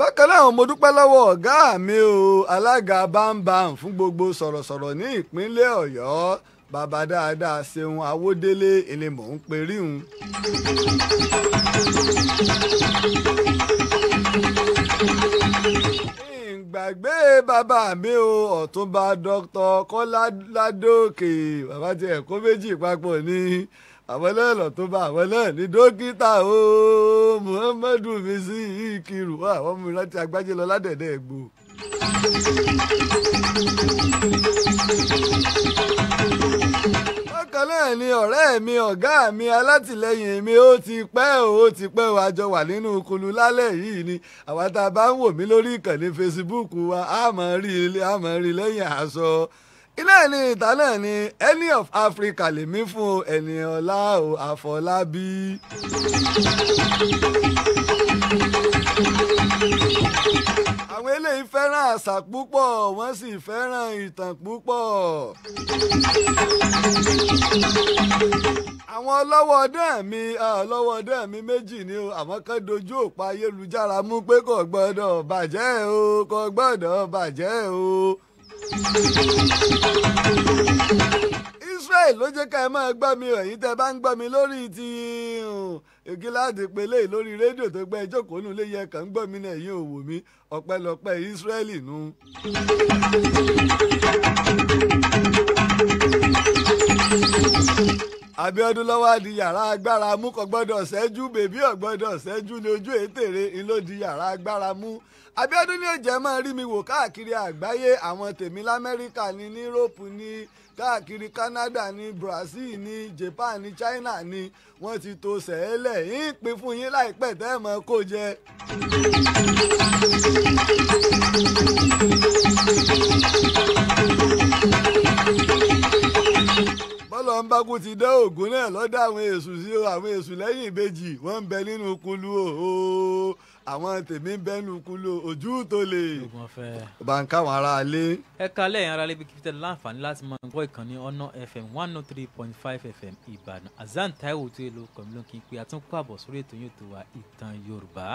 bákan náà mo dúpẹ́ lọ́wọ́ ọ̀gá mi o alága bámbam fún gbogbo sọ̀rọ̀sọ̀rọ̀ ní ìpínlẹ̀ ọ̀yọ́ bàbá dáadáa ṣeun awódélé elémọ̀ ń períhun. gbàgbé bàbá mi o ọ̀túnba dr kọ́ládókè bàbá tiẹ̀ kó méjì papọ̀ ní àwọn náà lọ tó bá àwọn náà ní dókítà o muhammadu mi sí ìkirù àwọn ọmọ ìrántí agbájé lọ ládẹ̀dẹ̀ ẹ̀gbò. bákan náà ni ọ̀rẹ́ mi ọ̀gá mi alátìlẹyìn mi ó ti pẹ́ ó ti pẹ́ ó àjọ wà nínú kulu lálẹ́ yìí ni àwa tá a bá ń wò mí lórí ìkànnì fesibúùkù wa a máa rí lẹ́yìn aṣọ ilé ẹni ìta náà ni any of Africa lèmi fún Ẹniọlá o Àfọlábí. àwọn eléyìí fẹ́ràn àṣà púpọ̀ wọ́n sì fẹ́ràn ìtàn púpọ̀. àwọn ọlọ́wọ́ ọdẹ́ mi ọlọ́wọ́ ọdẹ́ mi méjì ni o àmọ́ kán dojú òpó ayélujára mú pé kò gbọ́dọ̀ bàjẹ́ o kò gbọ́dọ̀ bàjẹ́ o. Israel ló jẹ́ ká ẹ máa gbọ́ mi ẹ̀yin tẹ́ bá ń gbọ́ mi lórí ti ìgíláàdì pélé lórí rédíò tó gbẹ́ ìjókòó nulẹ̀ yẹ kàn ń gbọ́ mi náà ẹ̀yin òwò mi ọ̀pẹ́lọpẹ́ Israẹli nu. Abíọ́dún lọ́wọ́ di yàrá agbára mú kò gbọ́dọ̀ ṣẹ́jú bèbí ò gbọ́dọ̀ ṣẹ́jú ní ojú ètèrè ńlọ di yàrá agbára mú. Abíọ́dún ní ìjẹ́ máa rí mi wò káàkiri àgbáyé àwọn tèmi lamẹ́ríkà ní ní Europe ní káàkiri Canada ní Brazil ni, Japan ní China ni, wọ́n ti tò sẹ́ẹ̀lẹ̀ yín pín fún yín láìpẹ́ tẹ́ ẹ̀ mọ́ kó jẹ. bọ́lá ń bá kú ti dá ògùn náà lọ́dọ̀ àwọn èṣù sí àwọn èṣù lẹ́yìn ìbejì wọ́n ń bẹ nínú kulu o àwọn tèmi ń bẹ́nu kú lo ojú tó le. bàǹkà àwọn ará ilé. ẹ kalẹ̀ yẹn ará ilé bíi kìfìtẹ́ láǹfààní láti máa gbọ́ ìkànnì ọ̀nà fm one oh three point five fm ìbàdàn azan taiwo tó yẹ lóko mi ló kí n pé àtúnkọ́ àbọ̀ sórí ètò yóò tó wa ìtàn yorùbá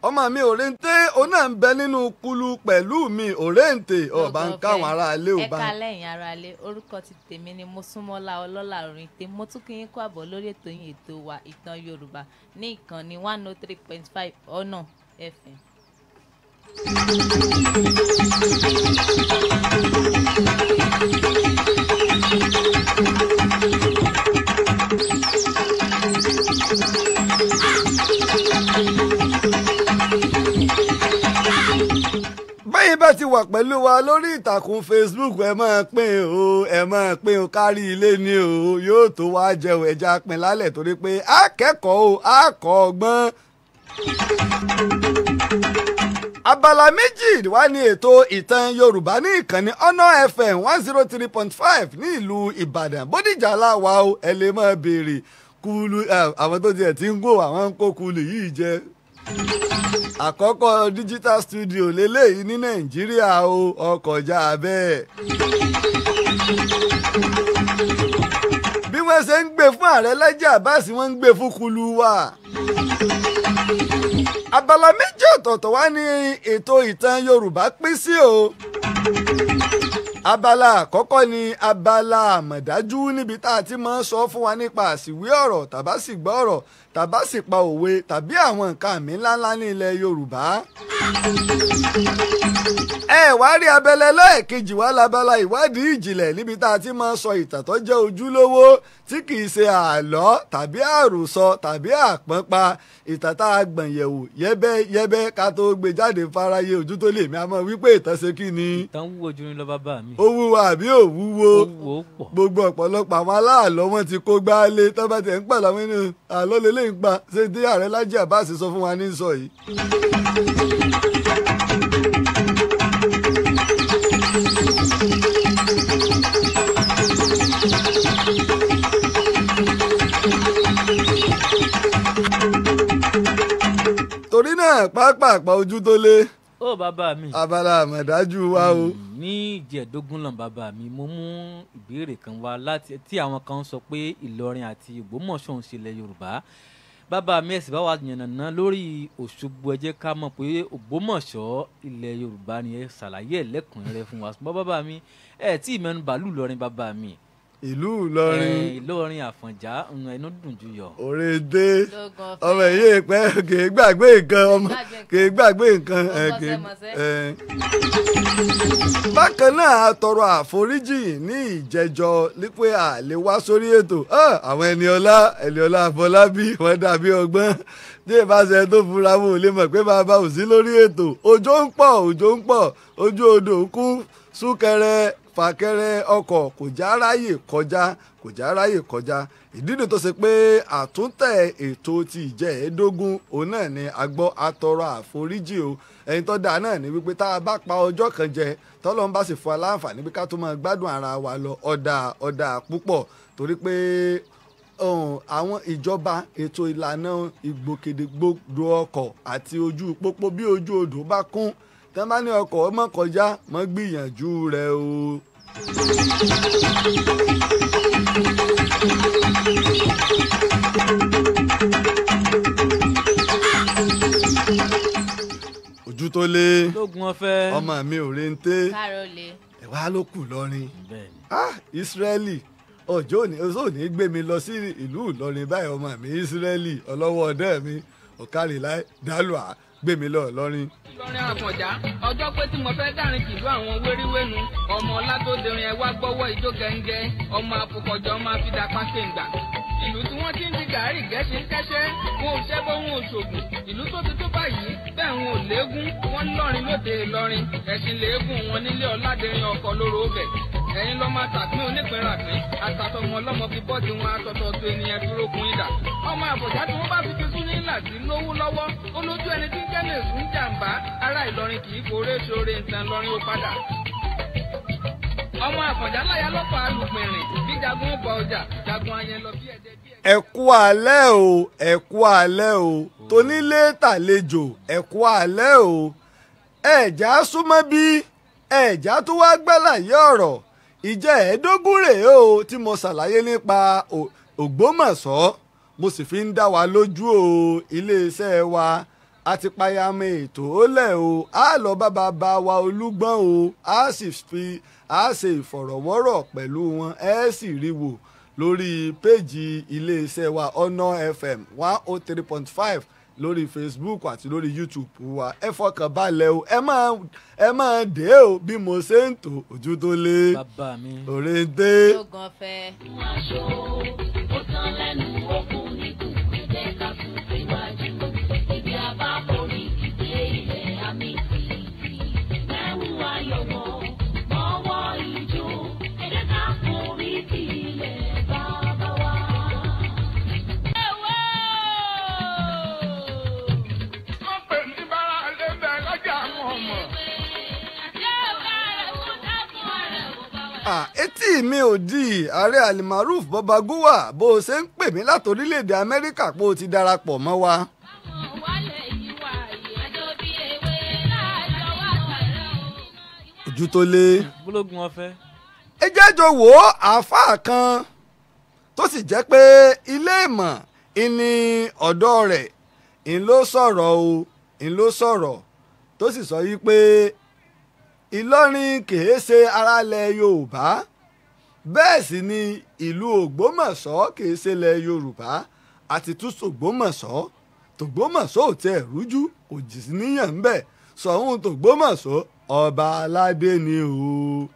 ọmọ mi ò rente òun náà ń bẹ nínú kulu pẹ̀lú mi ò rente ọba ń káwọn ará ilé ò bá. ẹ ká lẹ́yìn ará ilé orúkọ ti tèmi ni Mosúnmọ́lá Ọlọ́lá orin tèmi mo tún kí yín kó àbọ̀ lórí ètò yín ètò wa ìtàn Yorùbá ní ìkànnì one oh three point five ọ̀nà FM. thank you bẹ́ẹ̀ ti wà pẹ̀lú wa lórí ìtàkùn Facebook ẹ máa pín o ẹ máa pín o kárí ilé ni o yóò tó wá jẹun ẹja pín lálẹ́ torí pé akẹ́kọ̀ọ́ o akọ̀ ọgbọ́n. abala méjì wá ní ètò ìtàn Yorùbá ní ìkànnì ọ̀nà FM one zero three point five ní ìlú Ìbàdàn Bódìjà láwa o ẹ lè máa béèrè kúlù eh, àwọn tó tiẹ̀ ti ń gò àwọn ń kó kúlù yìí jẹ àkọ́kọ́ digital studio lélẹ́yìí ní nàìjíríà o ọkọjá bẹ́ẹ̀. bí wọ́n ṣe ń gbé fún ààrẹ Laji Abbas wọ́n ń gbé fún Kuluwa. abala méjì ọ̀tọ̀ọ̀tọ̀ wá ní ètò ìtàn yorùbá pín sí o abala àkọ́kọ́ ni abala àmọ̀dájú níbi tá a ti máa ń sọ fún wa nípa àsìwé ọ̀rọ̀ tàbá sì gbọ́ ọ̀rọ̀ tàbá sì pa òwe tàbí àwọn nǹkan àmì ńláńlá ní ilẹ̀ Yorùbá. ẹ wá rí abẹ́lẹ́ lẹ́ẹ̀kejì wá labala ìwádìí ìjìnlẹ̀ níbi tá a ti máa ń sọ ìtàn tó jẹ́ ojúlówó tí kì í ṣe àlọ́ tàbí àròsọ tàbí àpọ́npa ìtàn tá a gbọ̀n yẹ̀wò yẹ́bẹ́yẹ́bẹ́ ká tó gbé jáde fáráyé ni nǹkan wúwo ju ní lọ bàbá mi. ó wúwo àbí ò wúwo gbogbo ọ̀pọ̀lọpọ̀ àwọn aláàlọ́ wọn ti kó gbáálé tó bá tẹ̀ ń pà láwọn inú àlọ́ ń pa ṣé dé ààrẹ Lájí Abbas sọ fún wa ní sọ yìí. torí náà pápá àpá ojú tó lé ó bàbá mi. abala àmọ̀dájú wa o. Hmm, ní ìjẹ̀dógún lọ bàbá mi mo mú ìbéèrè kan wá láti tí àwọn kan sọ pé Ìlọrin àti Ògbómọ̀ṣọ́ ń ṣẹlẹ̀ Yorùbá bàbá mi ẹ̀sìn bá wà yànnàná lórí Òṣogbo ẹ jẹ́ ká mọ̀ pé Ògbómọ̀ṣọ́ ilẹ̀ Yorùbá ni ẹ ṣàlàyé ẹ̀lẹ́kùnrin rẹ fún wa bàbá mi ẹ̀ tí ì bàálù lọ́rin bàbá mi ìlú ìlọrin eh, ìlọrin àfọ̀njá ẹnu dùn jù yọ. òrèdè ọmọ yìí pẹ́ kì í gbàgbé nǹkan ọmọ kì í gbàgbé nǹkan. bákan náà tọrọ àforíjì ní ìjẹjọ nípé àlè sórí ètò àwọn ẹni ọlá àfọlábí wọn dàbí ọgbọ́n bí ìbáṣẹ tó fura wọn ò lè mọ̀ pé bàbá ò lórí ètò òjò ń pọ̀ òjò ń pọ̀ ojú odò kú súnkẹrẹ fàkẹrẹ ọkọ̀ kò já ráyè kọjá kò já ráyè kọjá ìdílé tó ṣe pé àtúntẹ̀ ètò ti ìjẹ́ẹ̀ẹ́dógún òun náà ni a gbọ́ atọrọ àforíjì o ẹni tó dáa náà ni wípé tá a bá pa ọjọ́ kan jẹ tọ́lọ́n bá sì fún aláǹfààní pé ká tó máa gbádùn ara wa lọ ọ̀dà ọ̀dà púpọ̀ torí pé àwọn ìjọba ètò ìlànà ìgbòkègbodò ọkọ̀ àti ojú pópó bí ojú odò bá kún tẹ́ bá ní ọkọ̀ ọmọ kọjá gbìyànjú rẹ o ojú tó lé ọmọ mi ò re ń té ẹ̀wá ló kù lọ́rin ah, Ísírẹ́lì ọjọ́ òní ọjọ́ òní gbé mi lọ sí ìlú Ìlọrin báyìí ọmọ mi Ísírẹ́lì ọlọ́wọ́ ọ̀dẹ́ mi ọ̀kàrìlá dálùá gbèmí lọ lọ́rin. lọ́rin àkàndá ọjọ́ pé tí mo fẹ́ dárin tìlú àwọn wéríwénu ọmọ ọlá tó dẹrin ẹ wá gbọ́wọ́ ìjó gẹ́ngẹ́ ọmọ àfọkànjọ́ máa fi dàpá ṣe ń gbà ìlú tí wọ́n ti ń di gàárì gẹ́sẹ̀ ń kẹ́sẹ́ wọn ò ṣẹ́bọ wọn ò ṣògùn ìlú tó ti tó báyìí bẹ́ẹ̀ wọn ò léegun wọn lọ́rin lóde Ìlọrin ẹ̀sìn léegun wọn nílé Ọládẹrin ọkọ̀ lóró bẹ̀ ẹ̀yin lọ́ máa tàpín onípínra ọlọ́mọ fi bọ́ọ̀dì wọn asọ̀tọ̀ tó ènìyàn dúró kun ìdà ọmọ àbọ̀já tí wọ́n bá fi tuntun ní láti lówó lọ́wọ́ olójú ẹni tí ń jẹ́ lè sún jàǹbá ará Ìlọrin kì í forí ṣoore nǹkan lọ́rin ó padà ọmọ àkànjá láyà lọ́pàá alùpìnrin bí jagun bọ ọjà jagun ayẹn lọ bí ẹ̀dẹ̀ bí ẹ̀dẹ̀. ẹ alẹ́ o ẹ kú alẹ́ o tonílé tàlejò ẹ kú alẹ́ o ẹ̀já súnmọ́ bí ẹ̀já tó wá gbẹ́làyé ọ̀rọ̀ ìjẹ́ ẹ̀ẹ́dógún rèé o tí mo ṣàlàyé nípa Ògbómọ̀ṣọ́ mo sì fi ń dá wa lójú o iléeṣẹ́ wa a ti payamọ ètò ó lẹ̀ o a lọ bá bàbá wa olúgbọ́n o a sì fi a ṣe ìfọ̀rọ̀wọ́rọ̀ pẹ̀lú wọn ẹ sì rí wò lórí péjì iléeṣẹ́ wa Honor FM one oh three point five lórí Facebook àti lórí YouTube wa ẹ fọkàn balẹ̀ o ẹ máa ẹ máa dé o bí mo ṣe ń tò ojú tó lé òrèǹdè. ó gan fẹ́. ó tán lẹ́nu okùn. tí mi ò di ààrẹ alimaruf bọbagowa bó o ṣe ń pè mí láti orílẹ̀-èdè amẹ́ríkà pé o ti darapọ̀ mọ́ wa. ojú tó lé. gbólógun ọ̀fẹ́. ẹ jẹ́ jọ wò àáfàá kan tó sì jẹ́ pé ilé ìmọ̀ ìní ọ̀dọ́ rẹ̀ ń ló sọ̀rọ̀ o ń ló sọ̀rọ̀ tó sì sọ yìí pé Ìlọrin kìí ṣe aráàlẹ̀ Yorùbá bẹ́ẹ̀ sì ni ìlú ògbómọ̀ṣọ́ kìí ṣẹlẹ̀ yorùbá àti tún ṣògbómọ̀ṣọ́ tògbómọ̀ṣọ́ ò tẹ rújú kò jì sí níyàn sọ̀hún tògbómọ̀ṣọ́ ọba aládé ni o.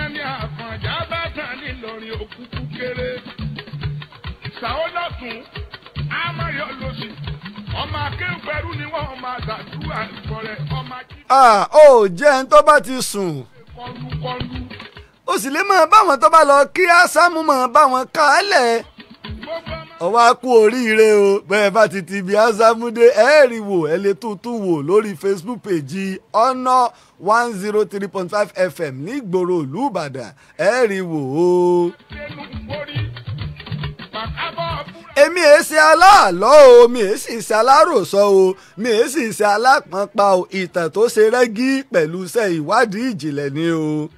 ẹni àfọ̀njá bá tàn ní lórí òkúkú kéré ṣàwọn lọ́tún á má ni wọ́n máa ìfọ̀rẹ́ ọmọ ó jẹ́ ń tó bá ti sùn. o sì lè máa bá wọn tó bá lọ kí ásámù máa bá wọn kálẹ̀ ọwọ́ á kú oríire o bẹ́ẹ̀ bá ti ti ibi ásámúdé ẹ rí wò ẹ lè tuntun wò lórí facebook page ọ̀nà one zero three point five fm nígboro ìlú ìbàdàn ẹ rí wò o èmi èé ṣe aláàlọ́ o mi èé sì ṣe aláròsọ o mi èé sì ṣe alápọ̀npa o ìtàn tó ṣe rẹ́gí pẹ̀lú iṣẹ́ ìwádìí ìjìnlẹ̀ ni o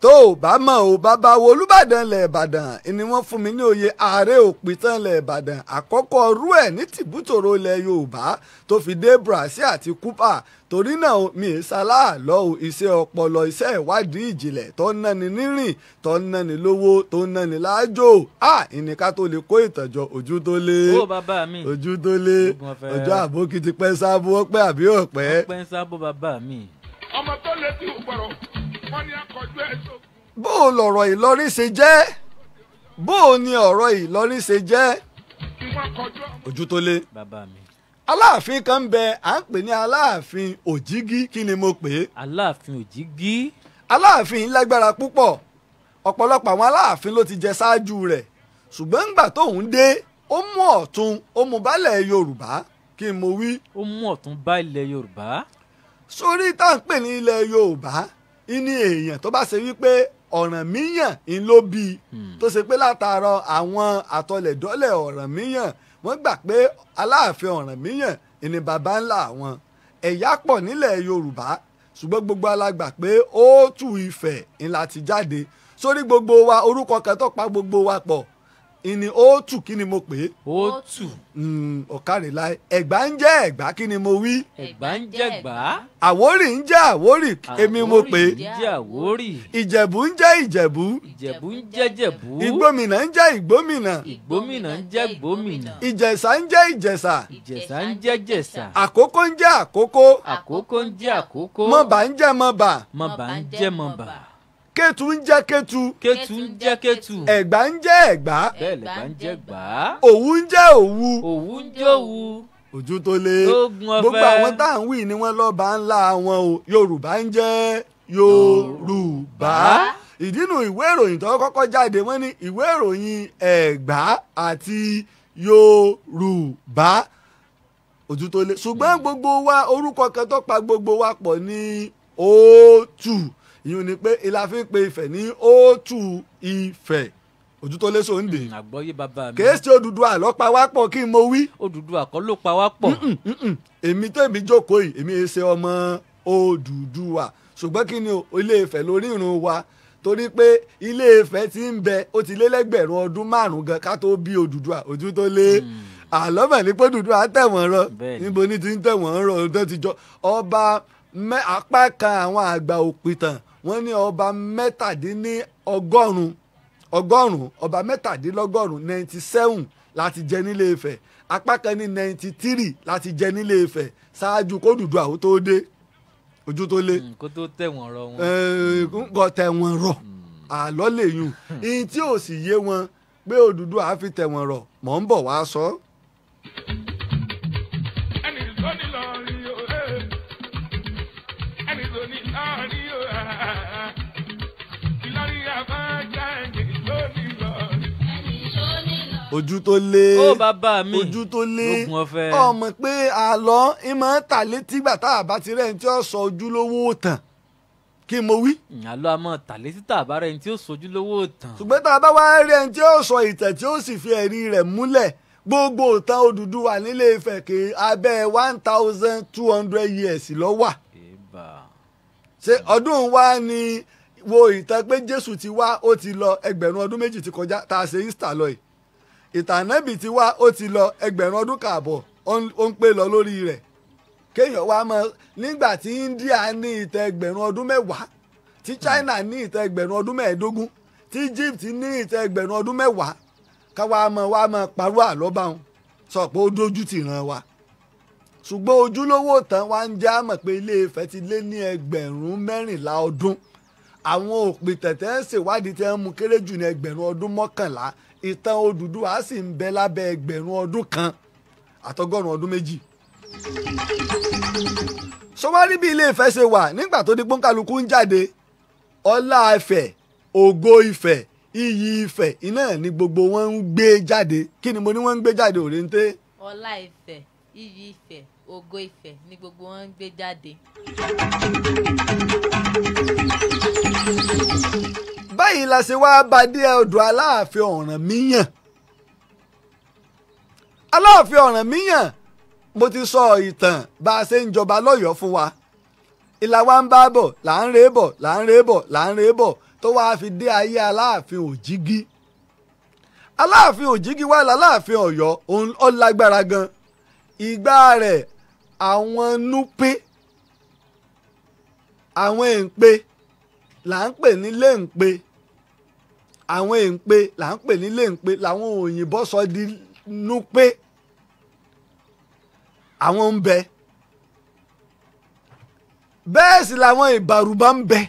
tó o bá mọ̀ o bàbá wo olùbàdàn lẹ̀ ìbàdàn ni wọ́n fún mi ní oyè ààrẹ òpìtàn lẹ̀ ìbàdàn àkọ́kọ́ rú ẹ̀ ní tìbútòrò ilẹ̀ yorùbá tó fi dé brazil àti cooper torí náà mi ì ṣaláàlọ́ o iṣẹ́ ọpọlọ iṣẹ́ ìwádìí ìjìnlẹ̀ tó ń náni nírìn tó ń náni lówó tó ń náni láàjò à ìníká tó lè kó ìtànjọ ojú tó lé ojú tó lé ojú àbókí ti pẹ́ sábó ọpẹ́ àbí ọpẹ́. mi. ọmọ tó lè ti ò gbọ́rọ̀ bó o lọ̀rọ̀ Ìlọrin ṣe jẹ́ bó o ní ọ̀rọ̀ Ìlọrin ṣe jẹ́ ojú tó lé aláàfin kan ń bẹ à ń pè ní aláàfin òjìgí kí ni mo pè é. aláàfin òjìgí. aláàfin lágbára púpọ̀ ọ̀pọ̀lọpọ̀ àwọn aláàfin ló ti jẹ ṣáájú rẹ̀ ṣùgbọ́n ńgbà tóun dé ó mú ọ̀tún ó mú balẹ̀ Yorùbá kí n mo wí. ó mú ọ̀tún bá ilẹ̀ Yorùbá. sórí tá à ń pè ní ilẹ̀ Yorùbá ní èèyàn tó bá ṣe wípé Ọ̀rànmíyàn ń ló bí i hmm. tó ṣe pé látàárọ̀ àwọn àtọlẹ̀dọ́lẹ̀ Ọ̀rànmíyàn wọ́n gbà pé Aláàfin Ọ̀rànmíyàn ìní baba ńlá àwọn ẹ̀yà pọ̀ nílẹ̀ Yorùbá ṣùgbọ́n gbogbo alágbà pé ó tù Ifẹ̀ ńlá ti jáde sórí gbogbo wa orúkọ kan tó pa gbogbo wa pọ̀ ìní òótù kí ni mo pè é. òótù. ọ̀kàrìlá ẹ̀gbá ń jẹ́ ẹ̀gbá kí ni mo wí. ẹ̀gbá ń jẹ́ ẹ̀gbá. àwórì ń jẹ́ àwórì èmi mo pè é. àwórì ń jẹ́ àwórì. ìjẹ̀bú ń jẹ́ ìjẹ̀bú. ìjẹ̀bú ń jẹ́ jẹ̀bú. ìgbómìnà ń jẹ́ ìgbómìnà. ìgbómìnà ń jẹ́ ìgbómìnà. ìjẹ̀ṣà ń jẹ́ ìjẹ̀ṣà. ìjẹ̀ṣà ń jẹ́ jẹ̀ṣà. àkókó ń jẹ́ àkókó. àkókó ń jẹ́ àkókó. mọ̀bà ń jẹ́ mọ̀bà. mọ̀bà ń jẹ́ mọ̀bà kẹ́tù ń jẹ́ kẹ́tù. kẹ́tù ń jẹ́ kẹ́tù. ẹ̀gbá ń jẹ́ ẹ̀gbá. bẹ́ẹ̀ lẹ̀gbá ń jẹ́ gbá. òwú ń jẹ́ òwú. òwú ń jẹ́ òwú. ojú tó le gbogbo àwọn tá à ń wí ni wọ́n lọ́ba ńlá wọn o yorùbá ń jẹ́ yorùbá ìdínú ìwé ìròyìn tó kọ́kọ́ jáde wọ́n ní ìwé ìròyìn ẹ̀gbá àti yorùbá ojú tó le ṣùgbọ́n gbogbo wa orúkọ kan pa gbogbo wa pọ̀ ní òótù ìyún ni pé ìlà fi ń pe Ifẹ̀ ní òòtù Ifẹ̀ ojú tó lé sóun dè. Hmm, àgbọ́yé bàbá mi. kèésì Odùduwà ló pa wá pọ̀ kí n mo wí. Odùduwà kọ́ ló pa wá pọ̀. èmi tó èmi jókòó yìí èmi ẹ e ṣe ọmọ Odùduwà ṣùgbọ́n kí ni Ilé Ifẹ̀ lórí ìrun wa torí pé Ilé Ifẹ̀ ti ń bẹ ó ti lé lẹ́gbẹ̀rún ọdún márùn-ún gan ká tó bí Odùduwà ojú tó lé hmm. àlọ́ bẹ̀ ní pé Odùduwà tẹ̀wọ̀n rọ níbo ni ti ń tẹ̀wọ̀n rọ ọdún ti jọ ọba apá kan àwọn àgbà òpìtàn wọ́n ní ọba mẹ́tàdínní ọgọ́rùn-ún ọgọ́rùn-ún ọba mẹ́tàdínlọ́gọ́rùn-ún ninety seven láti jẹ nílé Ifẹ̀ apá kan ní ninety three láti jẹ nílé Ifẹ̀ ṣáájú kó dùdú àwọn tó dé ojú tó lé. Hmm, kó tó tẹ̀ wọ́n rọ wọn. Eh, kó tẹ̀ wọ́n rọ hmm. àlọ́ lè ìyìn tí ò sì yé wọn pé Odùduwà á fi tẹ̀ rọ mọ̀ ń bọ̀ wá sọ. So. ojú tó lé ó bàbá mi ojú tó lé ọmọ pé àlọ́ ìmọ̀ ń tà létí gbà tá a bá ti rẹ̀ ń tí ó sọ ojúlówó tán kí n mo wí. àlọ́ àmọ́ tàlẹ́sí tàbá rẹ̀ ní tí ó sojú lówó tán. ṣùgbọ́n tá a bá wá rí ẹni tí ó sọ ìtẹ̀ tí ó sì fi ẹ̀rí rẹ̀ múlẹ̀ gbogbo ìtàn Odùduwà nílé Ifẹ̀ kì abẹ́ one thousand two hundred years lọ wà. ṣe ọdún wa ni wo ìtàn pé Jésù ti wá ó ti lọ ẹgbẹ̀rún ọdún méjì ti kọjá tá a ṣe Easter lọ yìí ìtànẹ́bì ti wá ó ti lọ ẹgbẹ̀rún ọdún kààbọ̀ ó ń pè lọ lórí rẹ̀ kéèyàn wá mọ nígbà tí India ní ìtẹ̀ ẹgbẹ̀rún ọdún mẹ́wàá tí China ní ìtẹ̀ ẹgbẹ̀rún ọdún mẹ́ẹ̀ẹ́dógún tí Egypt ní ìtẹ̀ ẹgbẹ̀rún ọdún mẹ́wàá káwa mọ wá mọ parọ́ àlọ́bà wọn sọ pé ó dójú ti ràn wá ṣùgbọ́n ojúlówó tán wá ń já mọ̀ pé ilé Ifẹ̀ ti lé ní ẹgbẹ̀rún mẹ́rìnlá ọdún àwọn òpìtẹ̀tẹ̀ ń ṣèwádìí tí wọ́n mú kéré jù ní ẹgbẹ̀rún ọdún mọ́kànlá ìtàn Odùduwà sì ń bẹ lábẹ́ ẹgbẹ̀rún ọdún kan àtọgọ́rùn ọdún méjì. sọwárí bí ilé Ifẹ̀ ṣe wà nígbà tó di pọ́nkálukú ń jáde ọlá Ifẹ̀ ògo Ifẹ̀ iyì Ifẹ̀ iná ni gbogbo wọn ń gbé jáde kí ni mo ní wọ́n ń gbé jáde òrèǹté. ọlá Ifẹ̀ iyì Ifẹ̀ ògo Ifẹ̀ ni gbogbo wọn ń gbé jáde. báyìí la ṣe wá bá dé ọ̀dọ̀ aláàfin Ọ̀rànmíyàn aláàfin Ọ̀rànmíyàn mo ti sọ ìtàn bá a ṣe ń jọba lọ́yọ̀ọ́ fún wa ìlà wa ń bá bọ̀ là ń rè bọ̀ là ń rè bọ̀ là ń rè bọ̀ tó wáá fi dé ayé aláàfin Òjìgí aláàfin Òjìgí wà láláàfin Ọ̀yọ́ ó lágbára gan ìgbà rẹ̀ àwọn núpé àwọn èèpẹ̀ là ń pè ní léǹpẹ̀ àwọn èèpè là ń pè nílé èèpè làwọn òyìnbó sọ di nú pé àwọn ń bẹ bẹ́ẹ̀ sì làwọn ìbàrùbá ń bẹ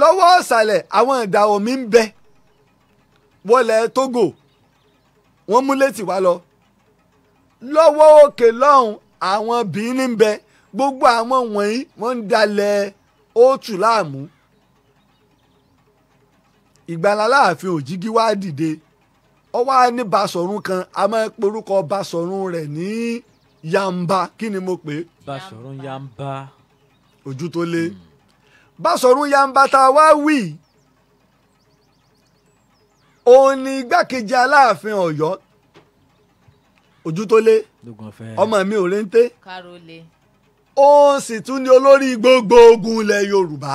lọ́wọ́ ọ̀sàlẹ̀ àwọn ìdàwọ̀ mi ń bẹ wọlé Togo wọ́n mú létí wá lọ lọ́wọ́ òkè lọ́hùn àwọn bìíní ń bẹ gbogbo àwọn wọ̀nyí wọ́n ń dalẹ̀ òtù láàmú ìgbàlá láàfin òjìgí wá dìde ó wá ní Basọ̀run kan a máa porúkọ Basọ̀run rẹ̀ ní Yamba kí ni mo pè é. Basọ̀run Yamba. ojú tó lé mm. Basọ̀run Yamba tá a wá wí òun ni igbákejì aláàfin Ọ̀yọ́ ojú tó lé ọmọ mi ò rente òun sì tún ni olórí gbogbo ogun ilẹ̀ Yorùbá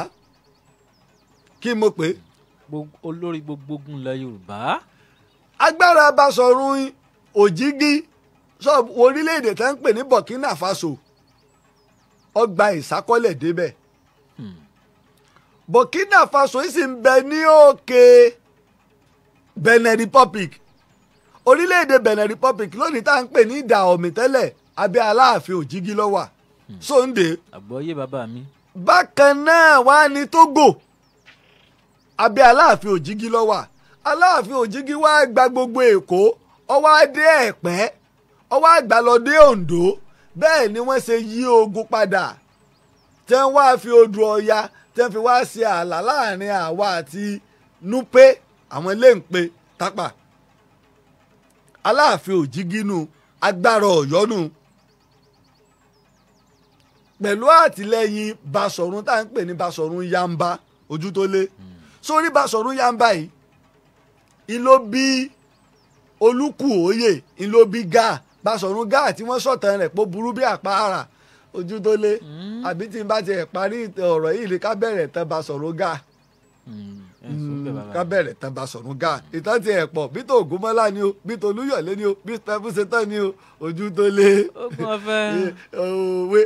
kí mo pè é olórí gbogbo ogun ilẹ̀ yorùbá. agbára Basọ̀run Òjígí sọ́ọ̀bù orílẹ̀-èdè tá ń pè ní Burkina Faso ọgbà ìsákọ́lẹ̀ débẹ̀ hmm. Burkina Faso yìí sì ń bẹ ní òkè Benin Republic orílẹ̀-èdè Benin Republic lónìí tá ń pè ní ìdà ọ̀mì tẹ́lẹ̀ abẹ́ aláàfin Òjígí ló wà hmm. àgbọ̀yé bàbá mi. bákan náà wá ní Togo. Hmm abẹ́ aláàfin òjìgí lọ́wà aláàfin òjìgí wá gba gbogbo èkó ọwọ́ adé ẹ̀pẹ́ ọwọ́ àgbàlódé oǹdó bẹ́ẹ̀ ni wọ́n ṣe yí ogun padà tẹ́ ń wá fi odù ọya tẹ́ ń fi wá ṣe ààlà láàrin àwa àti núpé àwọn ilé ń pe tápà aláàfin òjìgínú agbára ọ̀yọ́nù pẹ̀lú àtìlẹ́yìn Basọ̀run tá à ń pè ní Basọ̀run Yamba Ojútólé. Mm sórí Basọ̀run Yáńbá yìí ń ló bí olúkù òye ń ló bí gáà Basọ̀run gáà tí wọ́n sọ̀tàn rẹ̀ pé burú bí àpáàrà ojú tó lé hmm. àbí tí n bá tiẹ̀ parí ọ̀rọ̀ yìí ká bẹ̀rẹ̀ tán Basọ̀run gáà. Hmm. Hmm ká mm. bẹ̀rẹ̀ tán bá sọ̀rùn ga ìtàn ti ẹ̀ pọ̀ bí tó ògúnmọ́lá ni o bí tó olúyọ̀lé ni o bí tẹ́fúnṣe tán ni o ojú tó lé òwe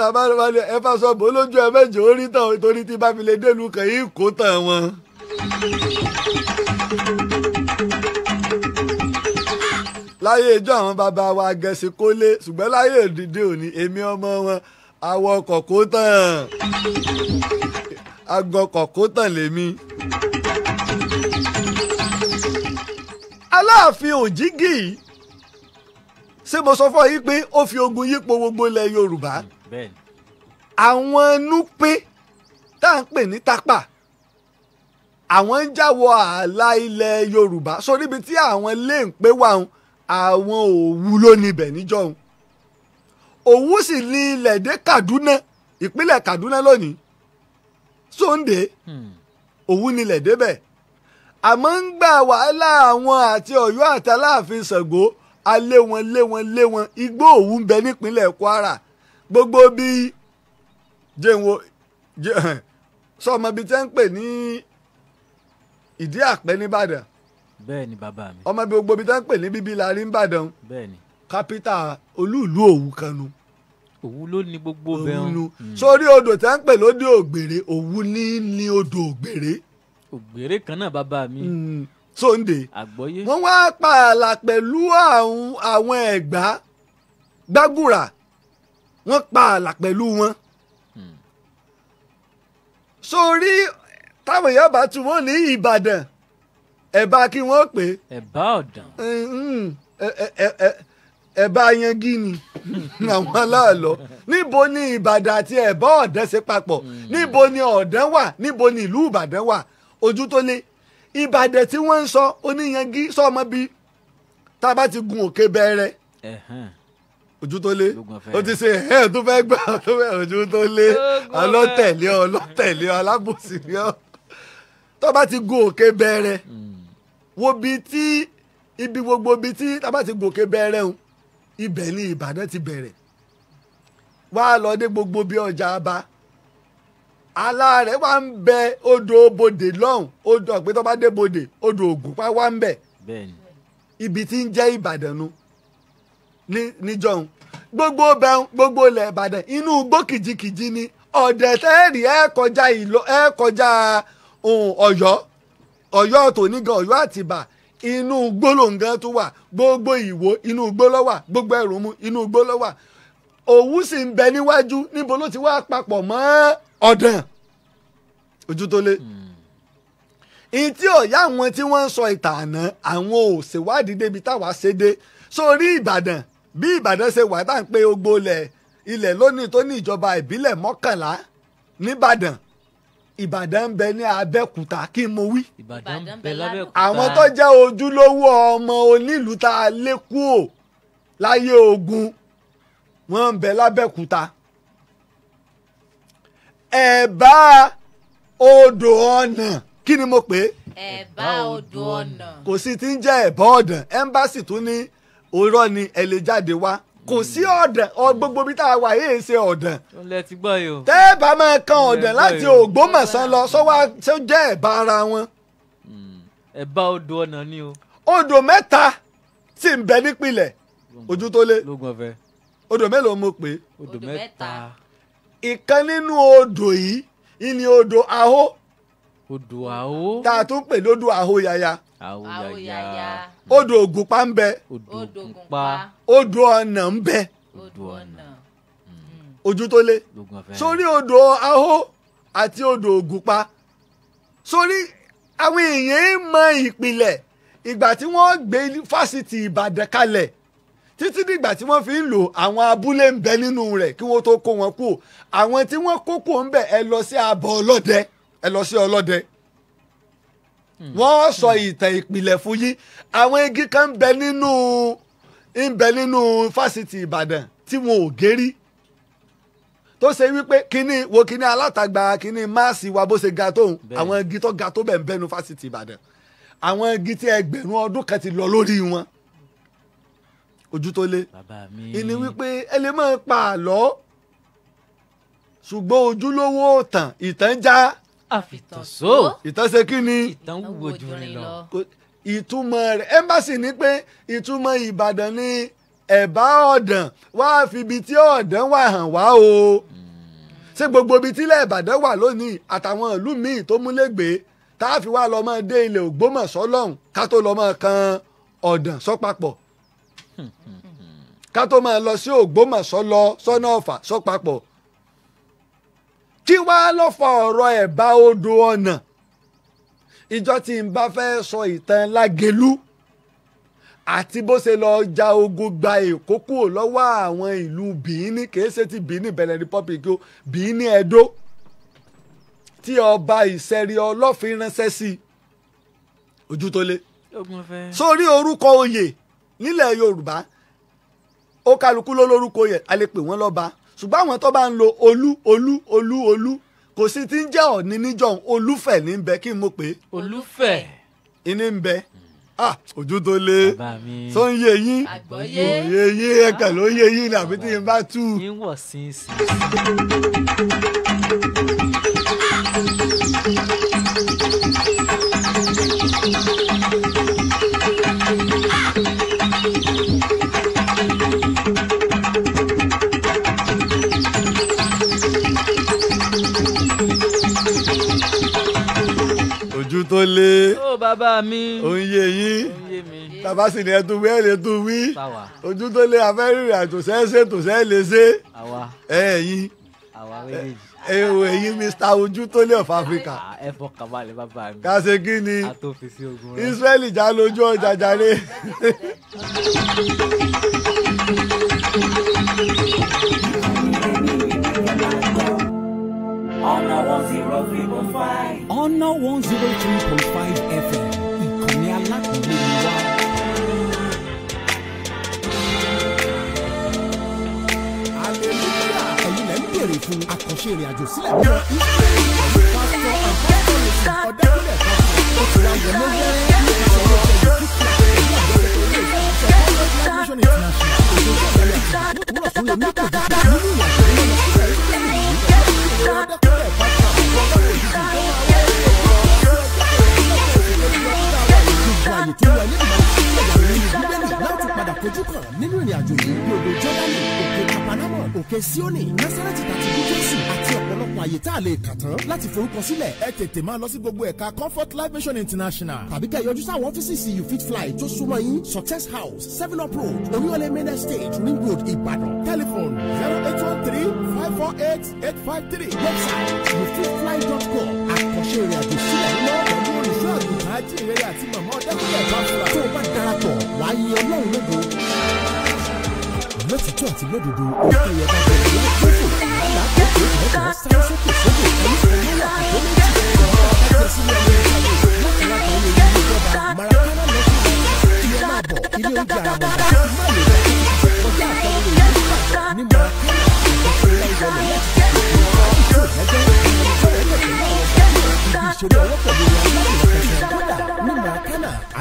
bàbá rẹ ẹ fà sọ bó lójú ẹ mẹ́jọ orí tán torí tí bá fi lè délùú kan yìí kó tán wọn. láyé ijó àwọn bàbá wa gẹ̀ẹ́sì kólé ṣùgbọ́n láyé òdìdí òní èmi ọmọ wọn àwọ ọkọ̀ kó tán agọkọ̀ kó tàn lèmi. aláàfin òjìgì ṣé mo sọ fún ọ yìí pé ó fi ogun yípo gbogbo ilẹ̀ yorùbá hmm, àwọn núpé tá à ń pè ní tápà àwọn ń jáwọ ààlà ilẹ̀ yorùbá sórí ibi tí àwọn lè ń pé wà ń àwọn òwú ló níbẹ̀ níjọ́hun òwú sì ní ilẹ̀ dé kaduna ìpínlẹ̀ kaduna lónìí sóńdé hmm. òwú nílẹ̀ débẹ̀. Hmm àmọ́ ń gbà wàhálà àwọn àti ọ̀yọ́ àtàláàfin ṣàngó alé wọn lé wọn lé wọn igbó òwú ń bẹ nípínlẹ̀ kwara gbogbo bíi jẹ̀wọ̀n sọmọ bíi tẹ́ ń pè ní ìdí àpẹ́ nìbàdàn. bẹ́ẹ̀ni bàbá mi. ọmọ bíi gbogbo bíi tẹ́ ń pè ní bíbí la rí nìbàdàn. bẹ́ẹ̀ni. kápítà olúùlú òwú kanu. òwú ló ní gbogbo bẹ́ẹ̀. òwú hmm. sórí odò tẹ́ ń pè lóde ògbèrè òwú ní ní odò ògbèrè ògbèrè kan náà bàbá mi. Hmm. sóńdè àgbọ́yé. wọ́n wá pààlà pẹ̀lú àwọn ẹ̀gbá gbàgùrà wọ́n pààlà pẹ̀lú wọn. Hmm. sórí táwọn èèyàn bá tún wọ́n ní ìbàdàn ẹ̀bá kí wọ́n pè é. ẹ̀bá ọ̀dàn. Eh, hmm. eh, eh, ẹ̀bá yangi ni àwọn aláàlọ́ níbo ni ìbàdàn àti ẹ̀bá ọ̀dàn ṣe papọ̀ níbo ni ọ̀dàn wà níbo ni ìlú ìbàdàn wà ojú tó le ìbàdẹ̀ tí wọ́n ń sọ oníyanjú sọ́ọ̀mọ́ bíi tá a bá ti gun òkè bẹ̀rẹ̀ ojú tó lé o ti ṣe ẹ tó fẹ́ gbà tó fẹ́ ojú tó lé ọlọ́tẹ̀lé ọlọ́tẹ̀lé alábòsí ni ọ tó bá ti gun òkè bẹ̀rẹ̀ hmm. wo bi tí ibi gbogbo bi tí tá a bá ti gun òkè bẹ̀rẹ̀ o ibẹ̀ ni Ìbàdàn ti bẹ̀rẹ̀ wá lọ dé gbogbo bí ọjà bá ala rẹ̀ wá ń bẹ odò bodè lọ́hùn odò pé tó odo dé bodè odò ògùnpá wá ń bẹ ibi tí ń jẹ́ ìbàdàn nu níjọ́hun gbogbo bẹun gbogbo ilẹ̀ ìbàdàn inú igbó kìjikìji ni ọ̀dẹ̀ tẹ́ẹ̀rì ẹ̀ kọjá ìlọ ẹ̀ kọjá ọ̀yọ́ ọ̀yọ́ tònígan ọ̀yọ́ àtìbà inú igbó lòǹgàn tó wà gbogbo ìwó inú igbó ló wà gbogbo ẹrù mu inú igbó ló wà òwú sì ń bẹ níwájú níbo ló ti wá papọ̀ mọ́ ọ̀dàn ojú tó lé ìyí tí ọ̀yá àwọn tí wọ́n ń sọ ìtàn àná àwọn ò ṣèwádìí débi táwa ṣe dé sórí ìbàdàn bí ìbàdàn ṣe wà tá à ń pe ogbó lẹ̀ ilẹ̀ lónìí tó ní ìjọba ìbílẹ̀ mọ́kànlá níbàdàn ìbàdàn ń bẹ ní abẹ́òkúta kí mo wí. ìbàdàn ń bẹ lábẹ́òkúta. àwọn tó jẹ́ ojúlówó ọmọ onílùú tá a lé láyé ogun wọ́n ń bẹ lábẹ́òkúta ẹ̀bá odò ọ̀nà kí ni mo pè é. ẹ̀bá odò ọ̀nà. kò sí ti ń jẹ́ ẹ̀bá ọ̀dàn ẹ́mbáàsì tún ní òrọ́ ni ẹ lè jáde wá kò sí ọ̀dàn gbogbo bí tá a wà yìí ṣe ọ̀dàn. olè ti gbọ́ yìí o. tẹ́ ẹ bá máa kan ọ̀dàn láti Ògbómọ̀ṣọ́ lọ sọ́wọ́ tó jẹ́ ẹ̀bá ara wọn. Hmm. ẹ̀bá odò ọ̀nà ni o. odò mẹ́ta sì ń bẹ nípìnlẹ̀ ojú tó lé odò mélòó mo pè é. odò mẹ́ta ìkan nínú odò yìí ìní odò ahó. odò ahó. tá a tún pè lódò yaya. odo yaya. odò ògùnpá ń bẹ. odò ògùnpá. odò ọ̀nà ń bẹ. odò ọ̀nà. Mm. ojú tó lé. sórí odò ahó àti odò ògùnpá sórí àwọn èèyàn mọ títí dìgbà tí wọ́n fi ń lò àwọn abúlé ń bẹ nínú rẹ̀ kí wọ́n tó kó wọn kú àwọn tí wọ́n kó kú ń bẹ̀ ẹ lọ sí abọ́ ọlọ́dẹ ẹ lọ sí ọlọ́dẹ hmm. wọ́n sọ ìtàn ìpìlẹ̀ fún yín àwọn igi kan ń bẹ nínú ń bẹ nínú fásitì Ìbàdàn tí wọn ò gérí tó ṣe wípé kíní wo kíní alátagbà kíní máàsì wa bó ṣe ga tóun àwọn igi tó ga tó bẹ̀ ń bẹ́nu fásitì Ìbàdàn àwọn igi tí ẹgbẹ̀rún ọdún kan ti lọ lórí wọn ojú tó lé ìní wípé ẹ lè máa pa àlọ́ ṣùgbọ́n ojúlówó òtàn ìtàn já àfìtànṣó ìtàn ṣe kí ni ìtàn wúwo jù ní lọ. ìtumọ̀ rẹ̀ ẹ́mbàsì ni pé ìtumọ̀ ìbàdàn ni ẹ̀bá ọ̀dàn wá fìbi tí ọ̀dàn wà hàn wá o hmm. ṣé gbogbo ibi tílẹ̀ ìbàdàn wà lónìí àtàwọn ìlú míì tó múlẹ̀gbẹ́ tá a fi wá lọ́mọ ilẹ̀ ògbómọ̀ṣọ́ lọ́hùn ká tó lọ́mọ kan ọ̀dàn sọ́pàpọ̀ ká tó máa lọ sí Ògbómọ̀ṣọ́ lọ sọ́nà Ọ̀fà sọ́pàpọ̀ kí wàá lọ fọ ọ̀rọ̀ ẹ̀ bá odò ọ̀nà ìjọ tí n bá fẹ́ sọ ìtàn Lágelú àti bó ṣe lọ ja ogun gba Èkó kúrò lọ́wọ́ àwọn ìlú Bìíní kìí ṣe ti Bìíní Benin Republic o Bìíní Ẹdó tí ọba Ìṣẹ̀rí Ọlọ́fin ránṣẹ́ sí ojú tó lé sórí orúkọ oyè nílẹ̀ yorùbá ó kálukú ló lórúkọ yẹn a lè pè wọ́n lọ́ba ṣùgbọ́n àwọn tó bá ń lo olú olú olú olú kò sí ti ń jẹ́ ọ̀ní níjọ́ olúfẹ̀ ní bẹ kí n mọ̀ pé. olúfẹ̀. ìní ń bẹ ah, ojú lé tó ń yé yín òye yín ẹ̀kẹ́ ló yé yín ni àbí tí n bá tú. tó lé. ó bàbá mi. òun yé yín. òun yé mi. bàbá sì ni ẹtù wí ẹ lè tún wí. fáwa. ojú tó lé afẹ́rìnrìn àjò sẹ́sẹ́ tó sẹ́ lè ṣe. àwa. ẹ ẹ̀yin. àwa méjèèjì. ẹ wo ẹ̀yin Mr. ojú tó lé of Africa. ẹ fọkàn balẹ̀ bàbá mi. ká ṣe kí ni. a tó fi sí ogun rẹ. Israẹli já lójú ọjà jàre. ọ̀nà one zero three point five. ọ̀nà one zero three point five FM ìkànnì alákùnrin ni wá. ẹ̀yin lẹ́ ń béèrè fún àkànṣe ìrìnàjò sílẹ̀. pásítọ̀ àkọsílẹ̀ ọ̀dẹ́kùnlẹ̀ kan ó ti ra ìyẹn lórí ẹ̀rọ ìṣòro ọ̀sẹ̀ yìí. International. òkè Síónì Násárẹ́tì tàti kú Jésù àti ọ̀pọ̀lọpọ̀ àyè tá a lè kà tán láti forúkọsílẹ̀ ẹ tètè máa lọ sí gbogbo ẹ̀ka Comfort Life Mission International tàbí ká yọjú sáwọn ọ́fíìsì You Fit Fly tó súnmọ́ yín Success House Seven Up Road Oníwọlé Main Estate Ring Road Ìbàdàn telephone zero eight one three five four eight eight five three website youfitfly.com àkànṣe ìrìnàjò sílẹ̀ lọ́wọ́ pẹ̀lú olùṣọ́ àgùntàn ajínrere àti màmá ọ̀dẹ́kùnrin ẹ̀bá fúra tó o bá darapọ̀ wáyé ọlọ́run lógo. lọ́tìtọ́ àti lódodo òkè ọba bẹ̀rẹ̀ lágbègbè lágbègbè mẹ́ta sáré sókè sókè ẹ̀yìn ìlú àkùkọ méjì ọ̀rọ̀ sílẹ̀ ní ìlú láti láti ilé ìlú ìjọba marakana lọ́tìtọ́ ilé máa bọ̀ ilé oúnjẹ àràmọ̀dá má lè rẹ̀ kọjá àtàwọn ilé ìjọba ní marakana ìpínlẹ̀ ìjọba láti tẹ̀lé ìjọba ìjọba ìjọba ìjọba ìjọba ìjọba ìjọba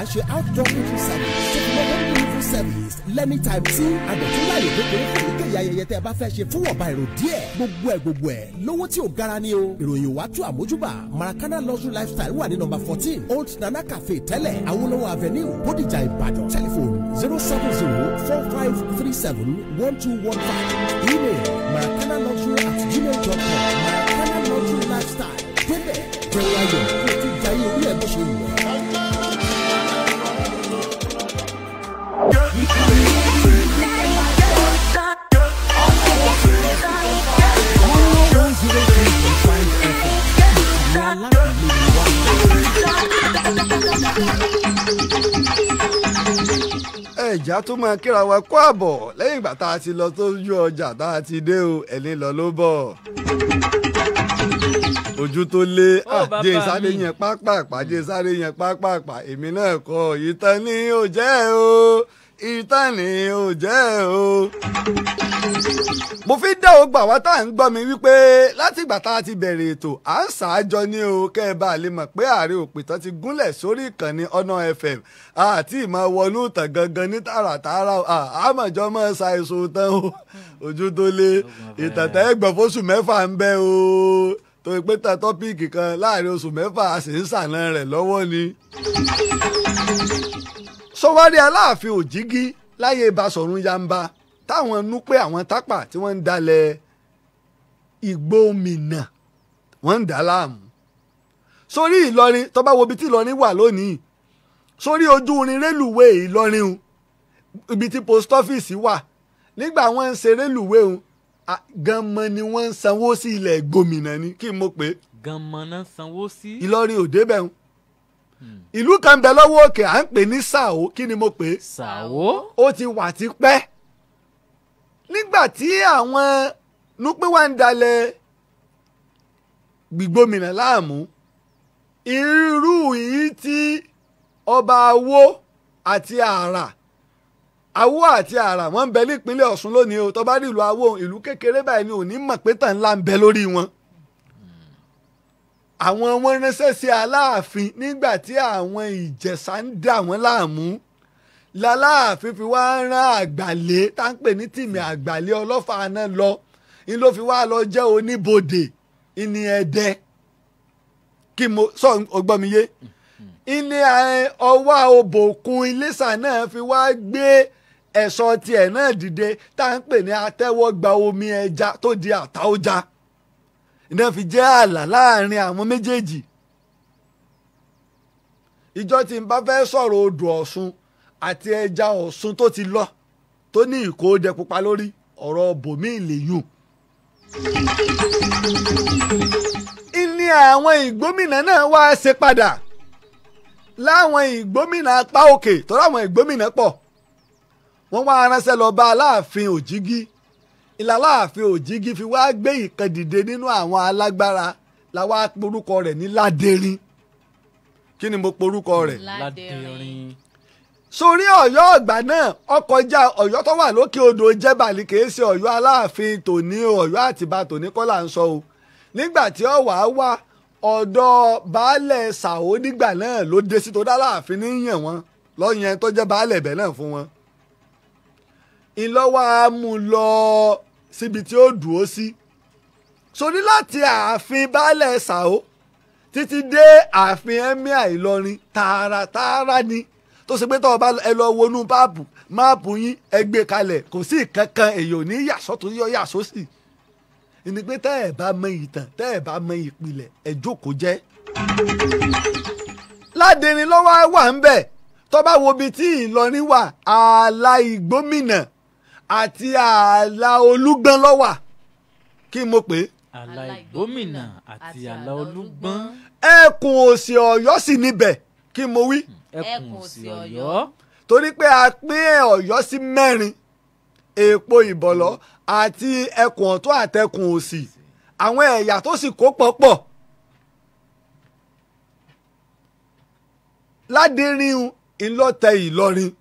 à ń ṣe outdoor music service tó fi mọ́ home delivery service lẹ́nìtàìm tí àdọ̀túnláyè kékeré kò ní kéyà ayẹyẹ tẹ́ ẹ bá fẹ́ ṣe fún ọ̀bà èrò díẹ̀ gbogbo ẹ̀ gbogbo ẹ̀ lówó tí ò gara ni o ìròyìn wàá tú àmójúbà Maracana luxury lifestyle wà ní number fourteen old nana cafe tẹ́lẹ̀ Awolowo avenue Bódìjà Ìbàdàn telephone zero seven zero four five three seven one two one five email maracana luxury at gmail dot com maracana luxury lifestyle débẹ̀ bẹ̀rẹ̀ ayọ̀ kí o ti jayé orí ẹ̀ bó ṣe wù ọ́. àjà tún máa kíra wa kó àbọ̀ lẹ́yìn ìgbà tá a ti lọ sójú ọjà tá a ti dé o ẹni lọ ló bọ̀ ojú tó lé ah, àjẹ sáré yẹn pápá àpá sáré yẹn pápá èmi náà kọ ìtàn ni ó jẹ́ o ìtàní ò jẹ́ o. mo fi dá o gbà wá tá à ń gbọ́ mi wípé látìgbà tá a ti bẹ̀rẹ̀ ètò à ń ṣàájọ ní o kẹ́ ẹ bá a lè mọ̀ pé ààrẹ òpìtàn ti gúnlẹ̀ sórí ìkànnì ọ̀nà fm àti ìmọ̀ wọnú ìtàn gangan ní tààràtààrà àmọ̀jọ́ mọ̀ ṣàìsùn tán o ojú tó lé ìtàn tẹ́ ẹgbọ̀n fóṣù mẹ́fà ń bẹ o tó pé ta tọ́píìkì kan láàrin oṣù mẹ́fà a sì ń ṣàna rẹ̀ lọ́wọ́ ni sọwárí aláàfin òjìgí láyé Basọ̀run Yánbá táwọn nú pé àwọn tápà tí wọ́n ń dalẹ̀ Ìgbómìnà wọ́n ń dà láàmú sórí Ìlọrin tó bá wo ibi tí Ìlọrin wà lónìí sórí ojú irin rélùwé Ìlọrin o ibi tí post office wà nígbà wọ́n ń ṣe rélùwé o ganmọ ni wọ́n ń sanwó sí ilẹ̀ gómìnà ni kí n mọ̀ pé. ganmọ náà sanwó sí. Ìlọrin ò débẹ̀ ń Hmm. ìlú kan bẹ lọ́wọ́ òkè à ń pè ní Sàó kí ni mo pè é. Sàó. ó ti wà tipẹ́ nígbà tí àwọn Núpín wá ń dalẹ̀ gbígbómìnà láàmú irú yìí tí ọba Awó àti Àrà Awó àti Àrà wọ́n ń bẹ nípínlẹ̀ Ọ̀ṣun lónìí o tó rí ìlú Awó ìlú kékeré báyìí ni ò ní mọ̀ pé tàn ńlá ń bẹ lórí wọn àwọn wọn ránṣẹ́ sí aláàfin nígbà tí àwọn ìjẹ̀ṣà ń dà wọ́n láàmú láláàfin fi wá rán àgbàlé tá ń pè ní tìmì àgbàlé ọlọ́fà náà lọ ni ló fi wá lọ jẹ́ oníbodè ìní ẹ̀dẹ kí mo sọ ọgbọ́miyé ìní ọwọ́ òbòkun Iléṣà náà fi wá gbé ẹ̀ṣọ́ tiẹ̀ náà dìde tá ń pè ní atẹ́wọ́gba omi ẹja tó di àtàójà. E iná fi jẹ́ ààlà láàrin àwọn méjèèjì ìjọ tí n bá fẹ́ sọ̀rọ̀ odò ọ̀ṣun àti ẹja ọ̀ṣun tó ti lọ tó ní ìkóójẹ pupa lórí ọ̀rọ̀ bòmíì lèyùn. ìní àwọn ìgbómìnà náà wá ṣe padà láwọn ìgbómìnà apá òkè tó láwọn ìgbómìnà pọ̀ wọ́n wá aránṣẹ́ lọ bá aláàfin òjìgí ìlàláàfin òjìgí fi wá gbé ìkan dìde nínú àwọn alágbára la wá porúkọ rẹ̀ ní ládẹrin kí ni mo porúkọ rẹ̀. ládẹrin. sórí ọ̀yọ́ ọ̀gbà náà ọkọjá ọ̀yọ́ tó wà lókè odò jẹ́bàlì kìí ṣe ọ̀yọ́ aláàfin tòní ọ̀yọ́ àtìbá tòní kọ́ ń sọ o nígbà tí ó wàá wá ọ̀dọ̀ baálẹ̀ sàó nígbà náà ló dé sí tó dá láàfin níyàn wọn lọ́yẹn tó jẹ́ baálẹ̀ bẹ̀ náà fún wọn. ìlọ́wọ́ amúlọ́ọ́ síbi tí ó dùn ó sí sórí láti ààfin baálẹ̀ Ṣàó títí dé ààfin emir Ìlọrin tààràtààrà ni tó ṣe pé tó o bá ẹ lọ wọnú páàpù máàpù yín ẹ gbé kalẹ̀ kò sí kankan èèyàn ní yàsọ́ tó yọ yàsọ́ sí ni pé tẹ́ ẹ̀ bá mọ ìtàn tẹ́ ẹ̀ bá mọ ìpìlẹ̀ ẹ̀ jókòó jẹ́. Ládẹrin lọ́wọ́ wà ń bẹ̀ tó wo ibi tí Ìlọrin wà ààlà ìgbómìnà àti ààlà olúgbọ́n lọ́wà kí mo pè é. ààlà ìgbómìnà àti ààlà olúgbọ́n. ẹkùn òsì ọ̀yọ́ sì níbẹ̀ kí mo wí. Hmm. ẹkùn òsì ọ̀yọ́. torí pé a pín ọ̀yọ́ sí mẹ́rin èèpo ìbọ̀lọ́ àti ẹkùn ọ̀tún àtẹkùn òsì àwọn ẹ̀yà tó sì kó pọ̀pọ̀. ládìrín ńlọtẹ ìlọrin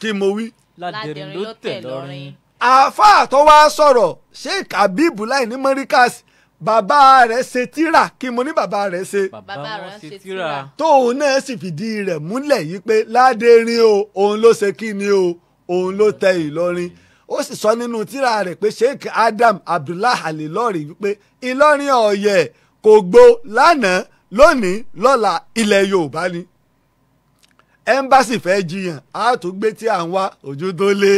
kí mo wí ládẹrin ló tẹ̀ lọ́rin. àáfàá tó wá sọ̀rọ̀ sheik habib láìní mọ́ríkàsì bàbá rẹ̀ ṣe tíra kí mo ní bàbá rẹ̀ ṣe. bàbá rẹ̀ ṣe tíra. tóun náà sì fìdí rẹ̀ múlẹ̀ yìí pé ládẹrin o òun ló ṣe kí ni o òun ló tẹ ìlọrin ó sì sọ nínú tíra rẹ̀ pé sheik adam abdullahi alilori wípé ìlọrin ọ̀yẹ̀ kò gbó lánàá lónìí lọ́la ilẹ̀ yorùbá ni ẹmbásì fẹ́ jiyàn á tún gbé tí à ń wá ojú tó lé